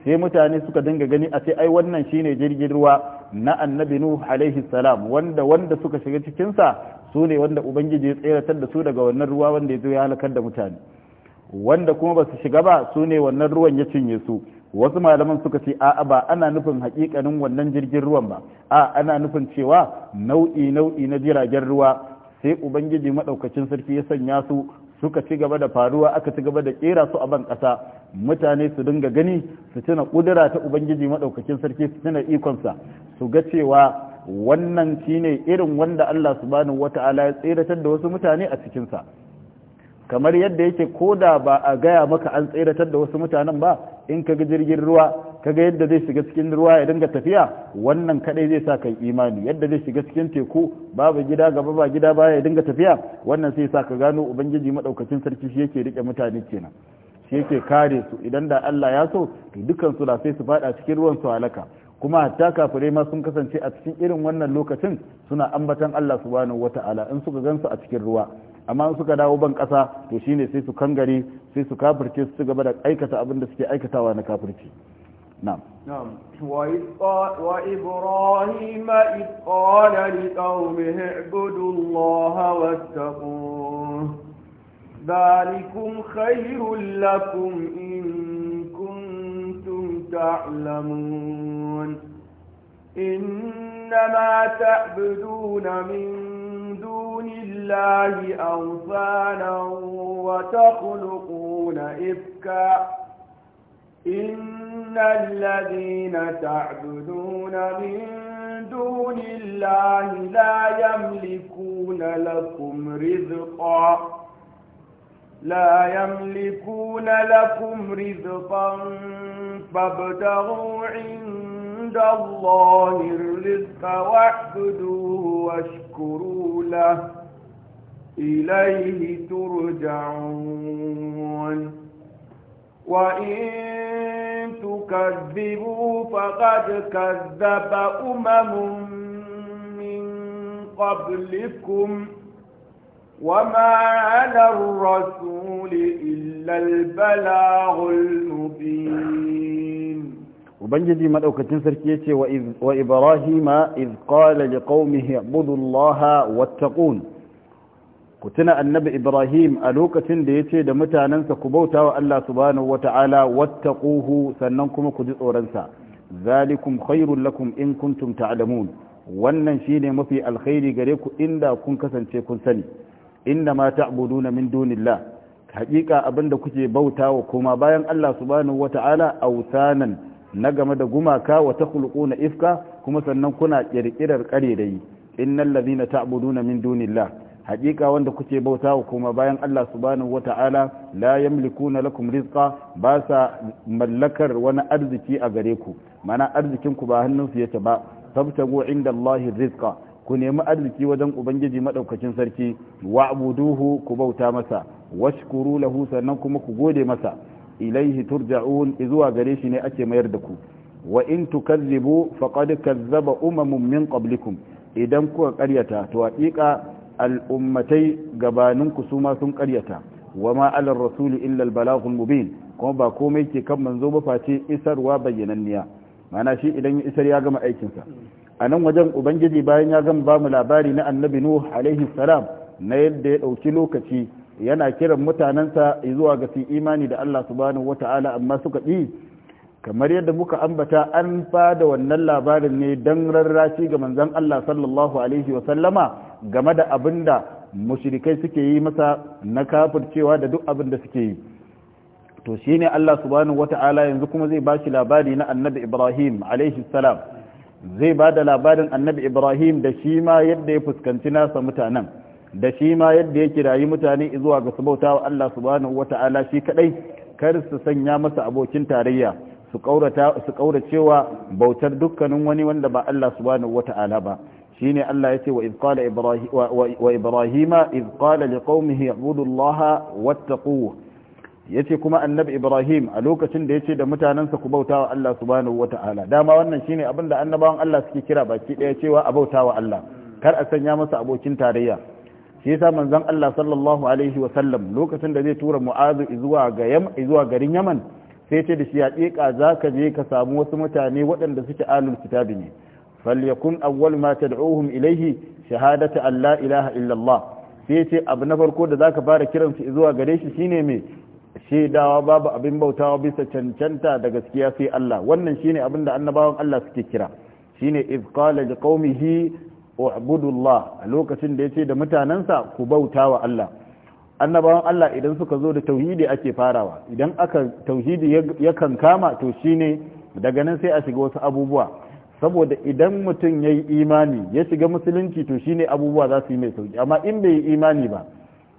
sai mutane suka dinga gani a ce ai wannan shine jirgin ruwa na annabi nuh alaihi salam wanda wanda suka shiga cikinsa su ne wanda ubangiji ya tseratar da su daga wannan ruwa wanda ya zo ya halakar da mutane wanda kuma ba su shiga ba su ne wannan ruwan ya cinye su wasu malaman suka ce a'a ba ana nufin hakikanin wannan jirgin ruwan ba a ana nufin cewa nau'i nau'i na jiragen ruwa sai ubangiji maɗaukacin sarki ya sanya su suka ci gaba da faruwa aka ci gaba da kera su a ban ƙasa mutane su dinga gani su tuna ƙudira ta ubangiji maɗaukacin sarki su tuna ikonsa su ga cewa wannan shi ne irin wanda Allah su subhanahu wata'ala ya tseratar da wasu mutane a cikinsa kamar yadda yake ko da ba a gaya maka an tseratar da wasu mutanen ba in ka ga jirgin ruwa kaga yadda zai shiga cikin ruwa ya dinga tafiya wannan kadai zai sa kai imani yadda zai shiga cikin teku babu gida gaba ba gida baya ya dinga tafiya wannan sai sa ka gano ubangiji madaukakin sarki shi yake rike mutane kenan shi yake kare su idan da Allah ya so to dukkan su da sai su fada cikin ruwan su halaka kuma hatta kafirai ma sun kasance a cikin irin wannan lokacin suna ambatan Allah subhanahu wata'ala in suka gansu a cikin ruwa amma in suka dawo ban kasa to shine sai su kangare sai su kafirce su gaba da aikata abin da suke aikatawa na kafirci نعم Wa وإبراهيم إذ قال لقومه اعبدوا الله واتقوه ذلكم خير لكم إن تعلمون إنما تعبدون من دون الله أوثانا وتخلقون إفكا إن الذين تعبدون من دون الله لا يملكون لكم رزقا لا يملكون لكم رزقا فابتغوا عند الله الرزق واعبدوه واشكروا له إليه ترجعون وإن تكذبوا فقد كذب أمم من قبلكم ۖ وما على الرسول إلا البلاغ المبين وبنجدي ما أوكتن سركيتي وإبراهيم إذ قال لقومه اعبدوا الله واتقون كتنا النبي إبراهيم ألوكتن ديتي دمتا ننسى كبوتا وألا سبحانه وتعالى واتقوه سننكم كدس أورنسا ذلكم خير لكم إن كنتم تعلمون wannan shine mafi alkhairi gare ku inda kun kasance kun sani inna ma ta'buduna min dunillah hakika abinda kuke bautawa kuma bayan Allah subhanahu wata'ala autanan na game da gumaka wa takhluquna ifka kuma sannan kuna kirkirar karerai innal ladhina ta'buduna min dunillah haƙiƙa wanda kuke bautawa kuma bayan Allah subhanahu wata'ala la yamlikuna lakum rizqa ba sa mallakar wani arziki a gare ku mana arzikin ku ba su yake ba tabtagu inda Allah rizqa ku nemi arziki wajen ubangiji madaukakin sarki wa'buduhu ku bauta masa washkuru lahu sannan kuma ku gode masa ilaihi turja'un zuwa gare shi ne ake mayar da ku wa in tukazzibu faqad kazzaba umamun min qablikum idan kuka karyata to haƙiƙa al'ummatai gabaninku su ma sun karyata wa ma alar rasuli illa albalaghul mubin kuma ba komai ke kan manzo ba face isarwa bayyananniya mana shi idan ya isar ya gama aikinsa a nan wajen ubangiji bayan ya gama ba mu labari na annabi nuh alaihi salam na yadda ya ɗauki lokaci yana kiran mutanensa zuwa ga su imani da allah subhanahu wata'ala amma suka ɗi kamar yadda muka ambata an fada wannan labarin ne don rarraci ga manzon allah sallallahu alaihi wa sallama game da abin da mushrikai suke yi masa na kafircewa da duk abin da suke yi to shine allah subhanahu wata'ala yanzu kuma zai bashi labari na annabi ibrahim alaihi salam zai ba da labarin annabi ibrahim da shi ma yadda ya fuskanci nasa mutanen da shi ma yadda ya kirayi mutane zuwa ga subauta wa allah subhanahu wa ta'ala shi kadai kar su sanya masa abokin tarayya su kauracewa bautar dukkanin wani wanda ba allah subhanahu wa ta'ala ba shine allah ya ce wa izqala ibrahima izqala liqaumihi ibudullaha wattaquhu yace kuma annabi ibrahim a lokacin da ya ce da mutanansa ku wa Allah subhanahu ta'ala dama wannan shine abin da annabawan Allah suke kira baki daya cewa a wa Allah kar a sanya masa abokin tarayya shi yasa manzon Allah sallallahu alaihi wa sallam lokacin da zai tura mu'azu zuwa ga yam zuwa garin yaman sai yace da shi ya tsika ka je ka samu wasu mutane waɗanda suke alul kitabi ne falyakun awwal ma tad'uhum ilayhi shahadatu an la ilaha illa Allah sai yace abu na farko da zaka fara kiransu zuwa gare shi shine mai. shaidawa babu abin bautawa bisa cancanta da gaskiya sai Allah wannan shine abin da annabawan Allah suke kira shine iz qala liqaumihi ubudullah a lokacin da yace da mutanansa ku bautawa Allah annabawan Allah idan suka zo da tauhidi ake farawa idan aka tauhidi ya kankama to shine daga nan sai a shiga wasu abubuwa saboda idan mutum yayi imani ya shiga musulunci to shine abubuwa za su yi mai sauki amma in bai yi imani ba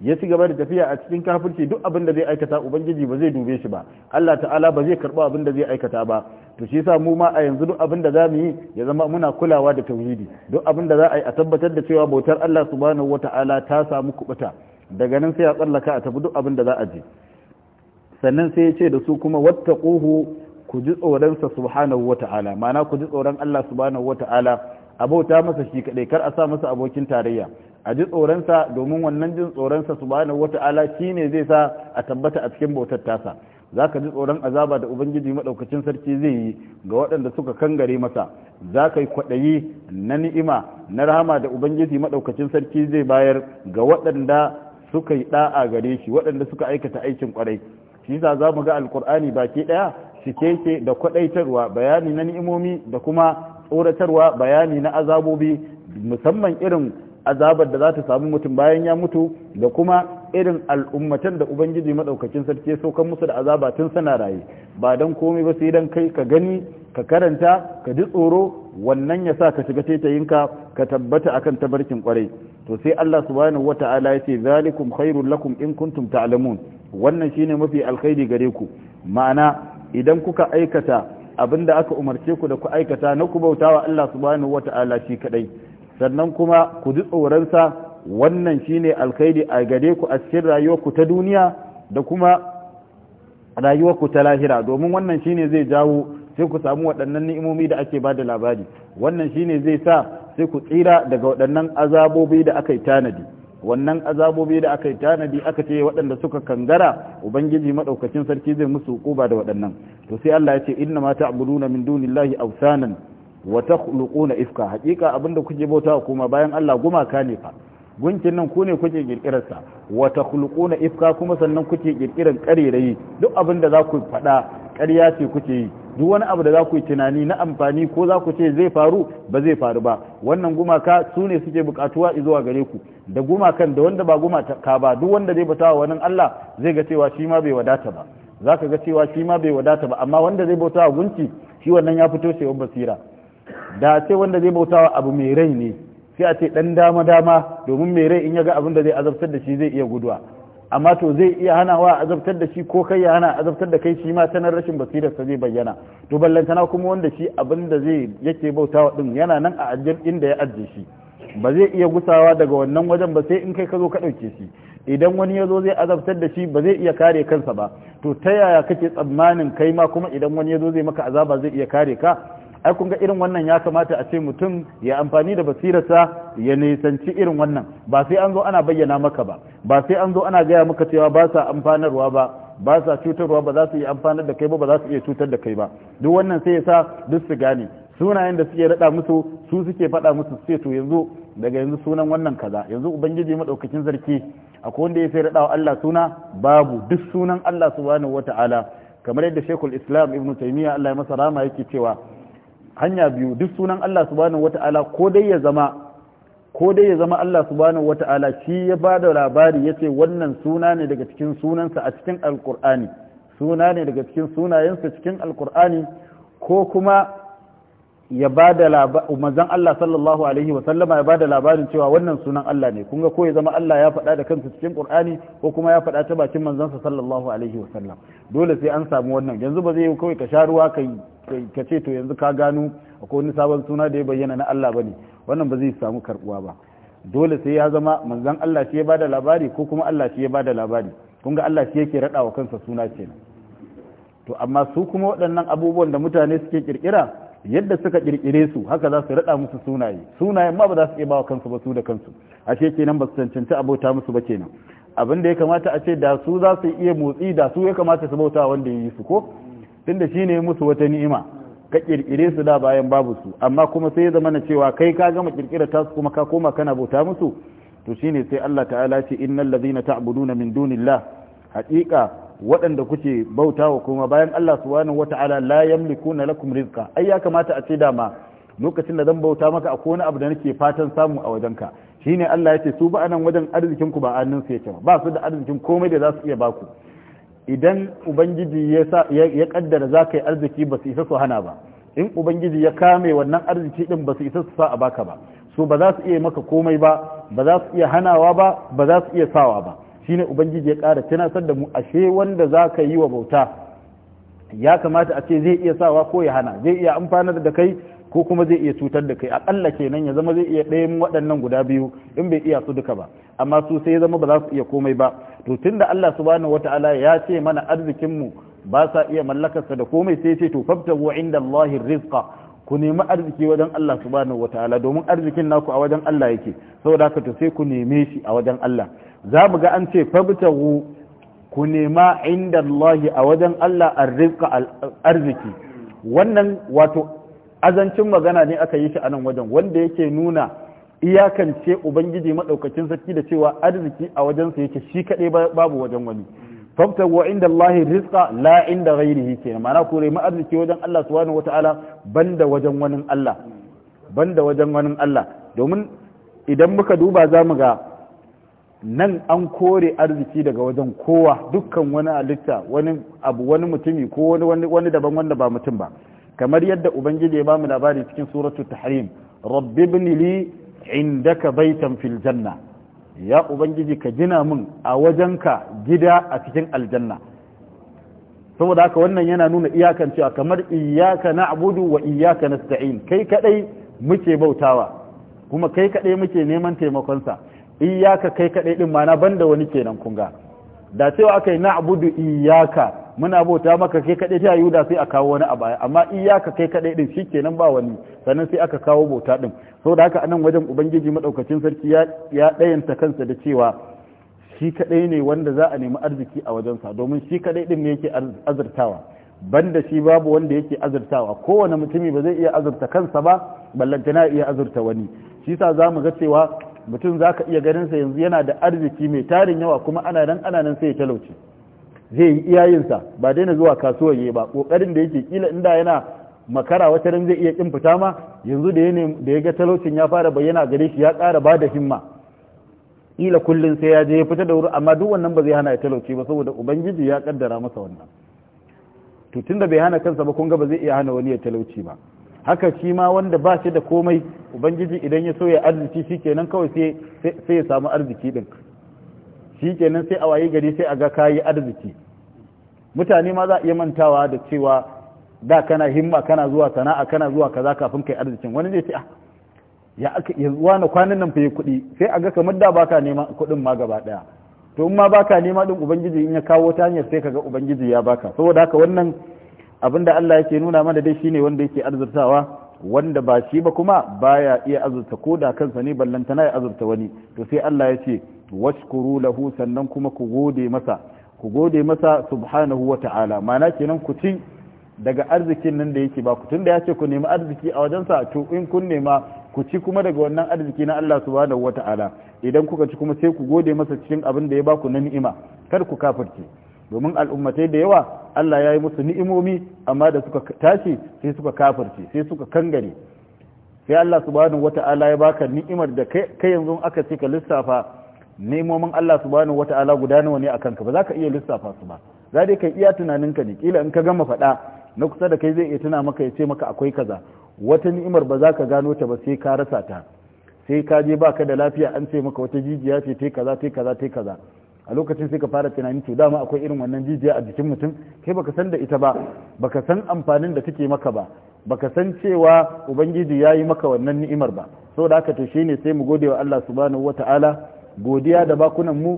ya ci gaba da tafiya a cikin kafirci duk abin da zai aikata ubangiji ba zai dube shi ba Allah ta'ala ba zai karɓi abin da zai aikata ba to shi yasa mu ma a yanzu duk abin da mu yi ya zama muna kulawa da tauhidi duk abin da za a yi a tabbatar da cewa bautar Allah subhanahu wata'ala ta samu kubuta daga nan sai a tsallaka a tafi duk abin da za a je sannan sai ya ce da su kuma wattaquhu ku ji tsoron sa subhanahu wata'ala ma'ana ku ji tsoron Allah subhanahu wata'ala bauta masa shi kadai kar a sa masa abokin tarayya a ji tsoronsa domin wannan jin tsoronsa su ala wata'ala ne zai sa a tabbata a cikin bautar tasa ka ji tsoron azaba da ubangiji maɗaukacin sarki zai yi ga waɗanda suka kangare masa za ka yi kwaɗayi na ni'ima na rahama da ubangiji maɗaukacin sarki zai bayar ga waɗanda suka yi ɗa'a gare shi waɗanda suka aikata aikin kwarai shi yasa mu ga alƙur'ani baki ɗaya daya keke da kwaɗaitarwa bayani na ni'imomi da kuma tsoratarwa bayani na azabobi musamman irin azabar da za ta samu mutum bayan ya mutu da kuma irin al'ummatan da ubangiji maɗaukacin sarki ya saukan musu da azaba tun sana raye ba dan komai ba sai dan kai ka gani ka karanta ka ji tsoro wannan ya sa ka shiga taitayinka ka tabbata akan tabarkin kwarai to sai Allah subhanahu wata'ala ya ce zalikum khairul lakum in kuntum ta'lamun wannan shine mafi alkhairi gare ku ma'ana idan kuka aikata abinda aka umarce ku da ku aikata na ku bautawa Allah subhanahu wata'ala shi kadai sannan kuma ku ji tsoronsa wannan shine alkhairi a gare ku a cikin rayuwarku ta duniya da kuma rayuwarku ta lahira domin wannan shine zai jawo sai ku samu waɗannan ni'imomi da ake ba da labari wannan shine zai sa sai ku tsira daga waɗannan azabobi da aka yi tanadi wannan azabobi da aka yi tanadi aka ce waɗanda suka kangara ubangiji maɗaukacin sarki zai musu hukuba da waɗannan to sai Allah ya ce inna ma ta'buduna min dunillahi ausanan. wa takhluquna ifka hakika abinda kuke bauta kuma bayan Allah gumaka ne fa gunkin nan ku ne kuke kirkirarsa sa wa na ifka kuma sannan kuke kirkirar karerai duk abinda za ku faɗa ƙarya ce kuke yi duk wani abu da za ku yi tunani na amfani ko za ku ce zai faru ba zai faru ba wannan gumaka su ne suke bukatuwa zuwa gare ku da gumakan da wanda ba gumaka ba duk wanda zai bauta wa wannan Allah zai ga cewa shi ma bai wadata ba za ka ga cewa shi ma bai wadata ba amma wanda zai bauta wa gunki shi wannan ya fito sai basira da ce wanda zai bautawa abu mai rai ne sai a ce dan dama dama domin mai rai in ya ga abin da zai azabtar da shi zai iya guduwa amma to zai iya hanawa azabtar da shi ko kai ya hana azabtar da kai shi ma sanar rashin basirar sa zai bayyana to ballantana kuma wanda shi abin da zai yake bautawa din yana nan a ajiyar inda ya ajiye shi ba zai iya gusawa daga wannan wajen ba sai in kai ka zo ka ɗauke shi idan wani ya zo zai azabtar da shi ba zai iya kare kansa ba to ta yaya kake tsammanin kai ma kuma idan wani ya zo zai maka azaba zai iya kare ka ai kun ga irin wannan ya kamata a ce mutum ya amfani da basirarsa ya nisanci irin wannan ba sai an zo ana bayyana maka ba ba sai an zo ana gaya maka cewa ba sa amfanarwa ba ba sa cutarwa ba za su yi amfanar da kai ba ba za su iya cutar da kai ba duk wannan sai ya sa duk su gane sunayen da suke rada musu su suke faɗa musu ce to yanzu daga yanzu sunan wannan kaza yanzu ubangiji madaukakin zarki akwai wanda ya sai rada wa Allah suna babu duk sunan Allah subhanahu wataala kamar yadda Sheikhul Islam Ibn Taymiyyah Allah ya masa rama yake cewa hanya biyu duk sunan Allah subhanahu wata'ala ko dai ya zama ko dai ya zama Allah subhanahu wata'ala shi ya bada labari yace wannan suna ne daga cikin sunansa a cikin alqur'ani suna ne daga cikin sunayensa cikin alqur'ani ko kuma ya ba da manzon Allah sallallahu alaihi wa sallama ya ba da labarin cewa wannan sunan Allah ne kun ga ko ya zama Allah ya fada da kansa cikin Qur'ani ko kuma ya faɗa ta bakin manzansa sallallahu alaihi wa sallam dole sai an samu wannan yanzu ba zai yi kawai ka sha ruwa kai ka ce to yanzu ka gano akwai wani sabon suna da ya bayyana na Allah bane wannan ba zai samu karbuwa ba dole sai ya zama manzon Allah shi ya ba da labari ko kuma Allah shi ya ba da labari kun ga Allah shi yake raɗa wa kansa suna kenan to amma su kuma waɗannan abubuwan da mutane suke kirkira yadda suka kirkire su haka za su rada musu sunaye sunaye ma ba za su iya ba kansu ba su da kansu ashe kenan ba su cancanci abota musu ba kenan abin da ya kamata a ce da su za su iya motsi da su ya kamata su bauta wanda ya yi su ko tunda shine musu wata ni'ima ka kirkire su da bayan babu su amma kuma sai ya zama na cewa kai ka gama kirkira tasu kuma ka koma kana bauta musu to shine sai Allah ta'ala ce innal ladina ta'buduna min dunillah haqiqa waɗanda kuke bautawa kuma bayan Allah subhanahu wata'ala la yamlikuna lakum rizqa ai ya kamata a ce dama lokacin da zan bauta maka akwai wani abu da nake fatan samu a wajenka shine Allah ya ce su ba anan wajen arzikin ku ba annin su yace ba su da arzikin komai da za su iya baku idan ubangiji ya sa ya kaddara za arziki ba su isa su hana ba in ubangiji ya kame wannan arziki din ba su isa su sa a baka ba su ba za su iya maka komai ba ba za su iya hanawa ba ba za su iya sawa ba shine ubangiji ya ƙara tunasar da mu ashe wanda za ka yi wa bauta ya kamata a ce zai iya sawa ko ya hana zai iya amfanar da kai ko kuma zai iya cutar da kai aƙalla kenan ya zama zai iya ɗayan waɗannan guda biyu in bai iya su duka ba amma su sai ya zama ba za su iya komai ba to tun da Allah subhanahu wataala ya ce mana arzikin mu ba sa iya mallakarsa da komai sai ce to wa inda Allahi rizqa ku nemi arziki wajen Allah subhanahu wataala domin arzikin naku a wajen Allah yake saboda haka to sai ku neme shi a wajen Allah za mu ga an ce fabtahu ku nema inda Allah a wajen Allah arziki wannan wato azancin magana ne aka yi shi a nan wajen wanda yake nuna iyakance ubangiji maɗaukacin sarki da cewa arziki a wajensa yake shi kaɗai babu wajen wani fabtahu inda Allah rizqa la inda ghairihi kenan ma'ana ku nema arziki wajen Allah subhanahu wataala banda wajen wani Allah banda wajen wani Allah domin idan muka duba za mu ga nan an kore arziki daga wajen kowa dukkan wani alitta wani abu wani mutumi ko wani wani daban wanda ba mutum ba kamar yadda ubangiji ya ba mu labari cikin suratu tahrim rabbi ibn li indaka baitan fil janna ya ubangiji ka gina min a wajen ka gida a cikin aljanna saboda haka wannan yana nuna iyakan cewa kamar iyaka na'budu wa iyyaka nasta'in kai kadai muke bautawa kuma kai kadai muke neman taimakon sa iyaka kai kaɗai ɗin mana banda wani kenan kunga da cewa aka yi na'budu iyaka muna bauta maka kai kaɗai ta yiwu sai a kawo wani a baya amma iyaka kai kaɗai ɗin shi kenan ba wani sannan sai aka kawo bauta din so da haka anan wajen ubangiji maɗaukacin sarki ya ɗayanta kansa da cewa shi kaɗai ne wanda za a nemi arziki a wajensa domin shi kaɗai din ne yake azurtawa banda shi babu wanda yake azurtawa kowane mutumi ba zai iya azurta kansa ba ballantana iya azurta wani shi sa za mu ga cewa mutum za ka iya sa yanzu yana da arziki mai tarin yawa kuma ana nan ana nan sai ya talauci zai yi iyayensa ba daina zuwa kasuwar ya ba kokarin da yake kila inda yana makara wata ran zai iya kin fita ma yanzu da da ya ga talaucin ya fara bayyana gare shi ya ƙara ba da himma kila kullun sai ya je ya fita da wuri amma duk wannan ba zai hana ya talauci ba saboda ubangiji ya kaddara masa wannan to tunda bai hana kansa ba kun ga ba zai iya hana wani ya talauci ba haka shi ma wanda ba shi da komai ubangiji idan ya so ya arziki shi kenan kawai sai ya samu arziki din shi sai a waye gari sai a ga kayi arziki mutane ma za a iya mantawa da cewa da kana himma kana zuwa sana'a kana zuwa kaza kafin kai arzikin wani zai ce ah ya aka yanzu na kwanan nan fiye kuɗi sai a ga kamar da baka neman kuɗin ma gaba ɗaya to in ma baka nema din ubangiji in ya kawo ta hanyar sai kaga ubangiji ya baka saboda haka wannan da Allah yake nuna mana dai shine wanda yake arzurtawa wanda ba shi ba kuma baya iya azurta ko da kansa ne ballantana ya azurta wani to sai Allah ya ce washkuru lahu sannan kuma ku gode masa ku gode masa subhanahu wa ta'ala mana kenan ku ci daga arzikin nan da yake ba ku tunda ya ce ku nemi arziki a wajensa to in kun nema ku ci kuma daga wannan arziki na Allah subhanahu wa ta'ala idan kuka ci kuma sai ku gode masa cikin abin da ya baku na ni'ima kar ku kafirce domin al'ummatai da yawa Allah ya yi musu ni'imomi amma da suka tashi sai suka kafirce sai suka kangare sai Allah subhanahu wata'ala ya baka ni'imar da kai yanzu aka ce ka lissafa ni'imomin Allah subhanahu wata'ala guda nawa ne akan ka ba za ka iya lissafa su ba za dai kai iya ka ne kila in ka gama faɗa na kusa da kai zai iya tuna maka ya ce maka akwai kaza wata ni'imar ba za ka gano ta ba sai ka rasa ta sai ka je baka da lafiya an ce maka wata jijiya ce ta kaza ta kaza ta kaza a lokacin sai ka fara tunanin to dama akwai irin wannan jijiya a jikin mutum kai baka san da ita ba baka san amfanin da take maka ba baka san cewa ubangiji yayi maka wannan ni'imar ba saboda haka to shine sai mu gode wa Allah subhanahu wataala godiya da bakunan mu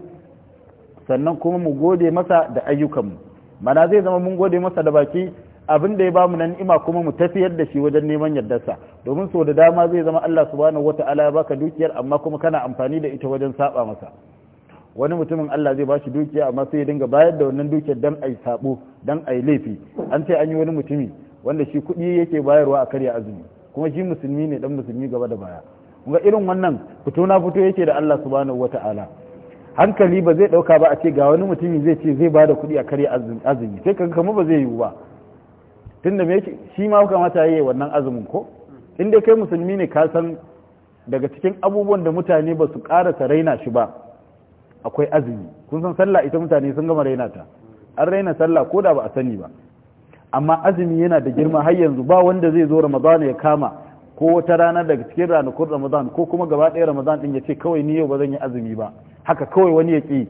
sannan kuma mu gode masa da ayyukanmu mana zai zama mun gode masa da baki abin da ya bamu nan ni'ima kuma mu tafiyar da shi wajen neman yardarsa domin so da dama zai zama Allah subhanahu wataala ya baka dukiyar amma kuma kana amfani da ita wajen saba masa wani mutumin Allah zai shi dukiya amma sai ya dinga bayar da wannan dukiyar dan ai sabo dan ai laifi an ce an yi wani mutumi wanda shi kuɗi yake bayarwa a karya azumi kuma shi musulmi ne dan musulmi gaba da baya kuma irin wannan fito na fito yake da Allah subhanahu wata'ala hankali ba zai dauka ba a ce ga wani mutumi zai ce zai bada kuɗi a karya azumi sai kaga kamar ba zai yiwu ba tunda me shi ma kamata yayi wannan azumin ko in dai kai musulmi ne ka san daga cikin abubuwan da mutane ba su ƙara raina shi ba akwai azumi kun san sallah ita mutane sun gama raina ta an raina sallah ko da ba a sani ba amma azumi yana da girma har yanzu ba wanda zai zo ramadan ya kama ko wata rana daga cikin ranakun ramadan ko kuma gaba ɗaya ramadan din ya ce kawai ni yau ba zan yi azumi ba haka kawai wani ya ƙi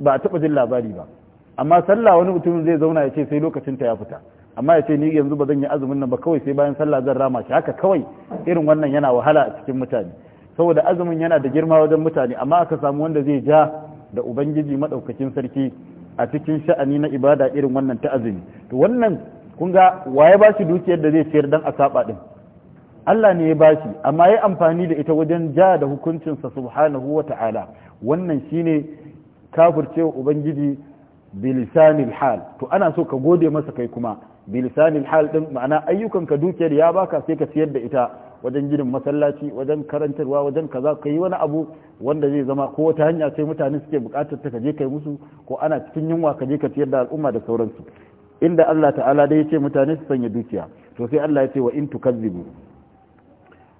ba a taɓa jin labari ba amma sallah wani mutum zai zauna ya ce sai lokacin ta ya fita amma ya ce ni yanzu ba zan yi azumin nan ba kawai sai bayan sallah zan rama shi haka kawai irin wannan yana wahala a cikin mutane saboda azumin yana da girma wajen mutane amma aka samu wanda zai ja da ubangiji madaukakin sarki a cikin sha'ani na ibada irin wannan ta azumi to wannan kun ga waye ba shi dukiyar da zai ciyar dan a saba din Allah ne ya ba shi amma ya amfani da ita wajen ja da hukuncin sa subhanahu wa ta'ala wannan shine wa ubangiji bilisanil hal to ana so ka gode masa kai kuma bilisanil hal din ma'ana ayyukan ka dukiyar ya baka sai ka ciyar da ita wajen ginin masallaci wajen karantarwa wajen kaza ka yi wani abu wanda zai zama ko wata hanya sai mutane suke bukatar ta ka je kai musu ko ana cikin yunwa ka je ka ciyar da al'umma da sauransu inda Allah ta'ala dai yace mutane su sanya dukiya to sai Allah yace wa in tukazzibu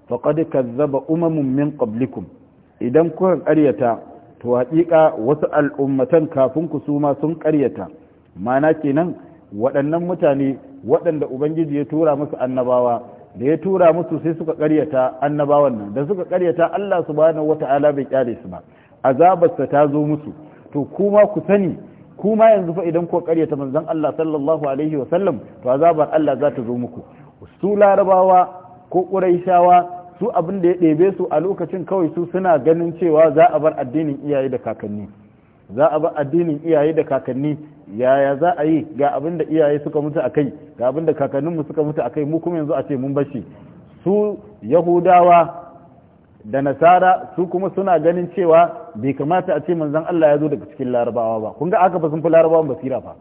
faqad kazzaba umamun min qablikum idan kuka ƙaryata to haƙiƙa wasu al'ummatan kafin ku su ma sun ƙaryata ma'ana kenan waɗannan mutane waɗanda ubangiji ya tura musu annabawa da ya tura musu sai suka karyata annabawan nan da suka karyata Allah subhanahu wata'ala bai kyale su ba azabarsa ta zo musu to kuma ku sani kuma yanzu fa idan ku karyata manzon Allah sallallahu alaihi wa sallam to azabar Allah za ta zo muku su larabawa ko quraishawa su abin da ya ɗebe su a lokacin kawai su suna ganin cewa za a bar addinin iyaye da kakanni za a bar addinin iyaye da kakanni yaya za a yi ga abin da iyaye suka mutu a kai ga abin da kakanninmu suka mutu a kai mu kuma yanzu a ce mun bashi su yahudawa da nasara su kuma suna ganin cewa bai kamata a ce manzon Allah ya zo daga cikin larabawa ba kun ga aka fa sun fi larabawan basira fa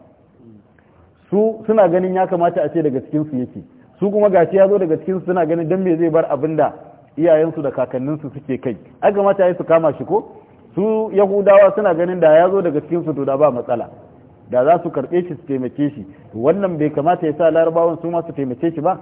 su suna ganin ya kamata a ce daga cikin su yake su kuma gashi ya zo daga cikin su suna ganin dan me zai bar abin da iyayensu da kakanninsu suke kai a kamata ya su kama shi ko su yahudawa suna ganin da ya zo daga cikin su to da ba matsala da za su karɓe shi su taimake shi wannan bai kamata ya sa larabawan su ma su taimake shi ba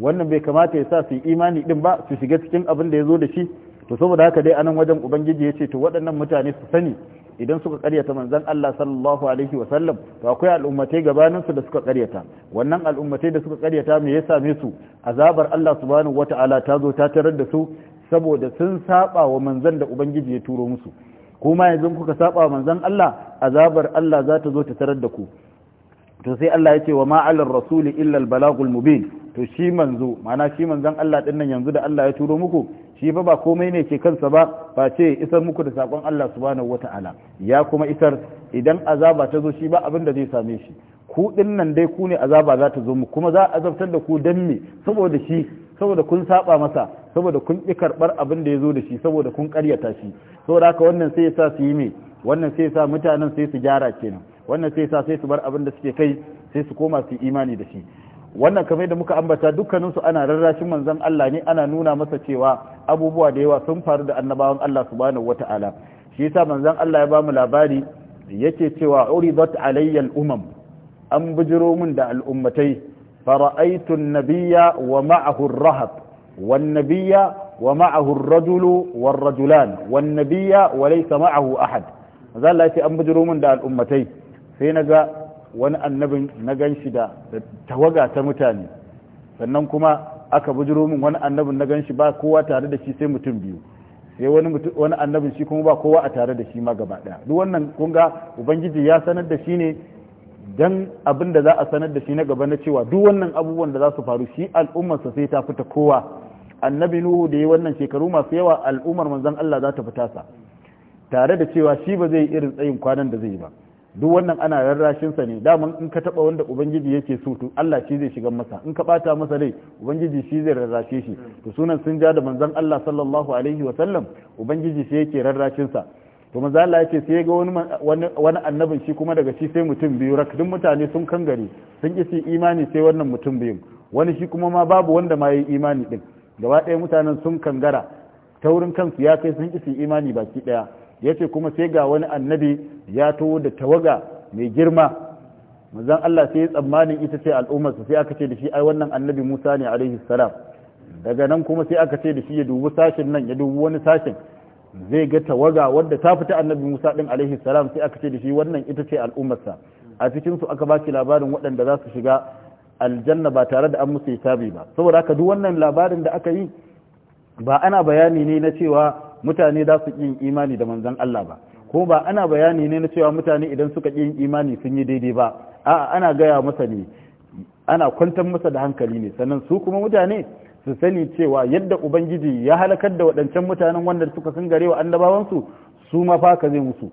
wannan bai kamata ya sa su yi imani din ba su shiga cikin abin da ya zo da shi to saboda haka dai anan wajen ubangiji ya ce to waɗannan mutane su sani idan suka karyata manzon Allah sallallahu alaihi wa sallam to akwai al'ummatai gabanin su da suka karyata wannan al'ummatai da suka karyata me ya same su azabar Allah subhanahu wataala ta zo ta tarar da su saboda sun saba wa manzon da ubangiji ya turo musu kuma yanzu kuka saba manzon Allah azabar Allah za ta zo ta tarar da ku to sai Allah ya ce wa ma'alar rasuli illal balagul mubin to shi manzo mana shi manzon Allah din nan yanzu da Allah ya turo muku shi fa ba komai ne ke kansa ba ba ce isar muku da sakon Allah subhanahu wata'ala ya kuma isar idan azaba ta zo shi ba abin da zai same shi ku din nan dai ku ne azaba za ta zo mu kuma za a azabtar da ku dan saboda shi saboda kun saba masa saboda kun ƙi karɓar abin da ya zo da shi saboda kun ƙaryata shi saboda haka wannan sai ya sa su yi mai wannan sai ya sa mutanen sai su gyara kenan wannan sai ya sa sai su bar abin da suke kai sai su koma su imani da shi wannan kamar da muka ambata dukkaninsu ana rarrashin manzon Allah ne ana nuna masa cewa abubuwa da yawa sun faru da annabawan Allah subhanahu wataala shi yasa manzon Allah ya ba mu labari yake cewa uridat alayya al-umam an bujiro mun da al'ummatai فرأيت النبي ومعه الرهب والنبي ومعه الرجل والرجلان والنبي وليس معه أحد ذا لا يتأمجروا من دا الأمتين فين ذا wani annabin na ganshi da tawaga ta mutane sannan kuma aka bujiro min wani annabin na ganshi tare da shi sai mutum biyu sai wani wani annabin shi kuma ba kowa a tare da shi ma gaba daya duk wannan kun ga ubangiji ya sanar da shi ne dan abin da za a sanar da shi na gaba na cewa duk wannan abubuwan da za su faru shi al'ummarsa sai ta fita kowa annabi nuhu da ya wannan shekaru masu yawa al'ummar manzon Allah za ta fita sa tare da cewa shi ba zai yi irin tsayin kwanan da zai yi ba duk wannan ana rarrashin sa ne dama in ka taba wanda ubangiji yake so to Allah shi zai shiga masa in ka bata masa rai ubangiji shi zai rarrashe shi to sunan sun ja da manzan Allah sallallahu alaihi wa sallam ubangiji shi yake rarrashin sa to manzo Allah yake sai ga wani wani annabin shi kuma daga shi sai mutum biyu rak duk mutane sun kangare sun ki imani sai wannan mutum biyu wani shi kuma ma babu wanda ma yi imani din gaba ɗaya mutanen sun kangara wurin kansu ya kai sun ki imani baki ɗaya yace kuma sai ga wani annabi ya taho da tawaga mai girma manzon Allah sai ya tsammanin ita ce al'ummar sai aka ce da shi ai wannan annabi Musa ne alaihi salam daga nan kuma sai aka ce da shi ya dubi sashin nan ya dubi wani sashin zai ga tawaga wadda ta fita annabi Musa din alaihi salam sai aka ce da shi wannan ita ce al'ummarsa a cikin su aka baki labarin waɗanda za su shiga aljanna ba tare da an musu hisabi ba saboda haka duk wannan labarin da aka yi ba ana bayani ne na cewa mutane za su yin imani da manzon Allah ba ko ba ana bayani ne na cewa mutane idan suka yin imani sun yi daidai ba a'a ana gaya masa ne ana kwantar masa da hankali ne sannan su kuma mutane su sani cewa yadda ubangiji ya halakar da waɗancan mutanen wanda suka sun gare wa annabawansu su ma fa ka zai musu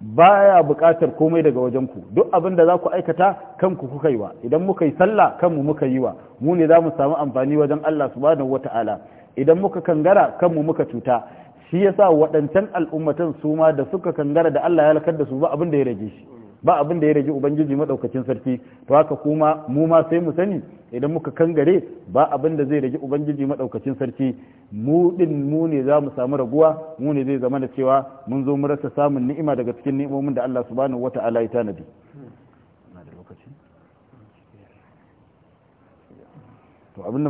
baya buƙatar komai daga wajen ku duk abin da za ku aikata kanku kuka yi wa idan muka yi sallah kanmu muka yi wa mu ne za mu samu amfani wajen Allah subhanahu wata'ala idan muka kangara kanmu muka cuta shi yasa waɗancan al'ummatan su ma da suka kangara da Allah ya halakar da su ba abin da ya rage shi ba abin da ya rage ubangiji madaukakin sarki to haka kuma mu ma sai mu sani idan muka kangare ba abin da zai rage ubangiji madaukakin sarki mu din mu ne za mu samu raguwa mu ne zai zama da cewa mun zo mu rasa samun ni'ima daga cikin ni'imomin da Allah subhanahu wata'ala ya tanadi to abin da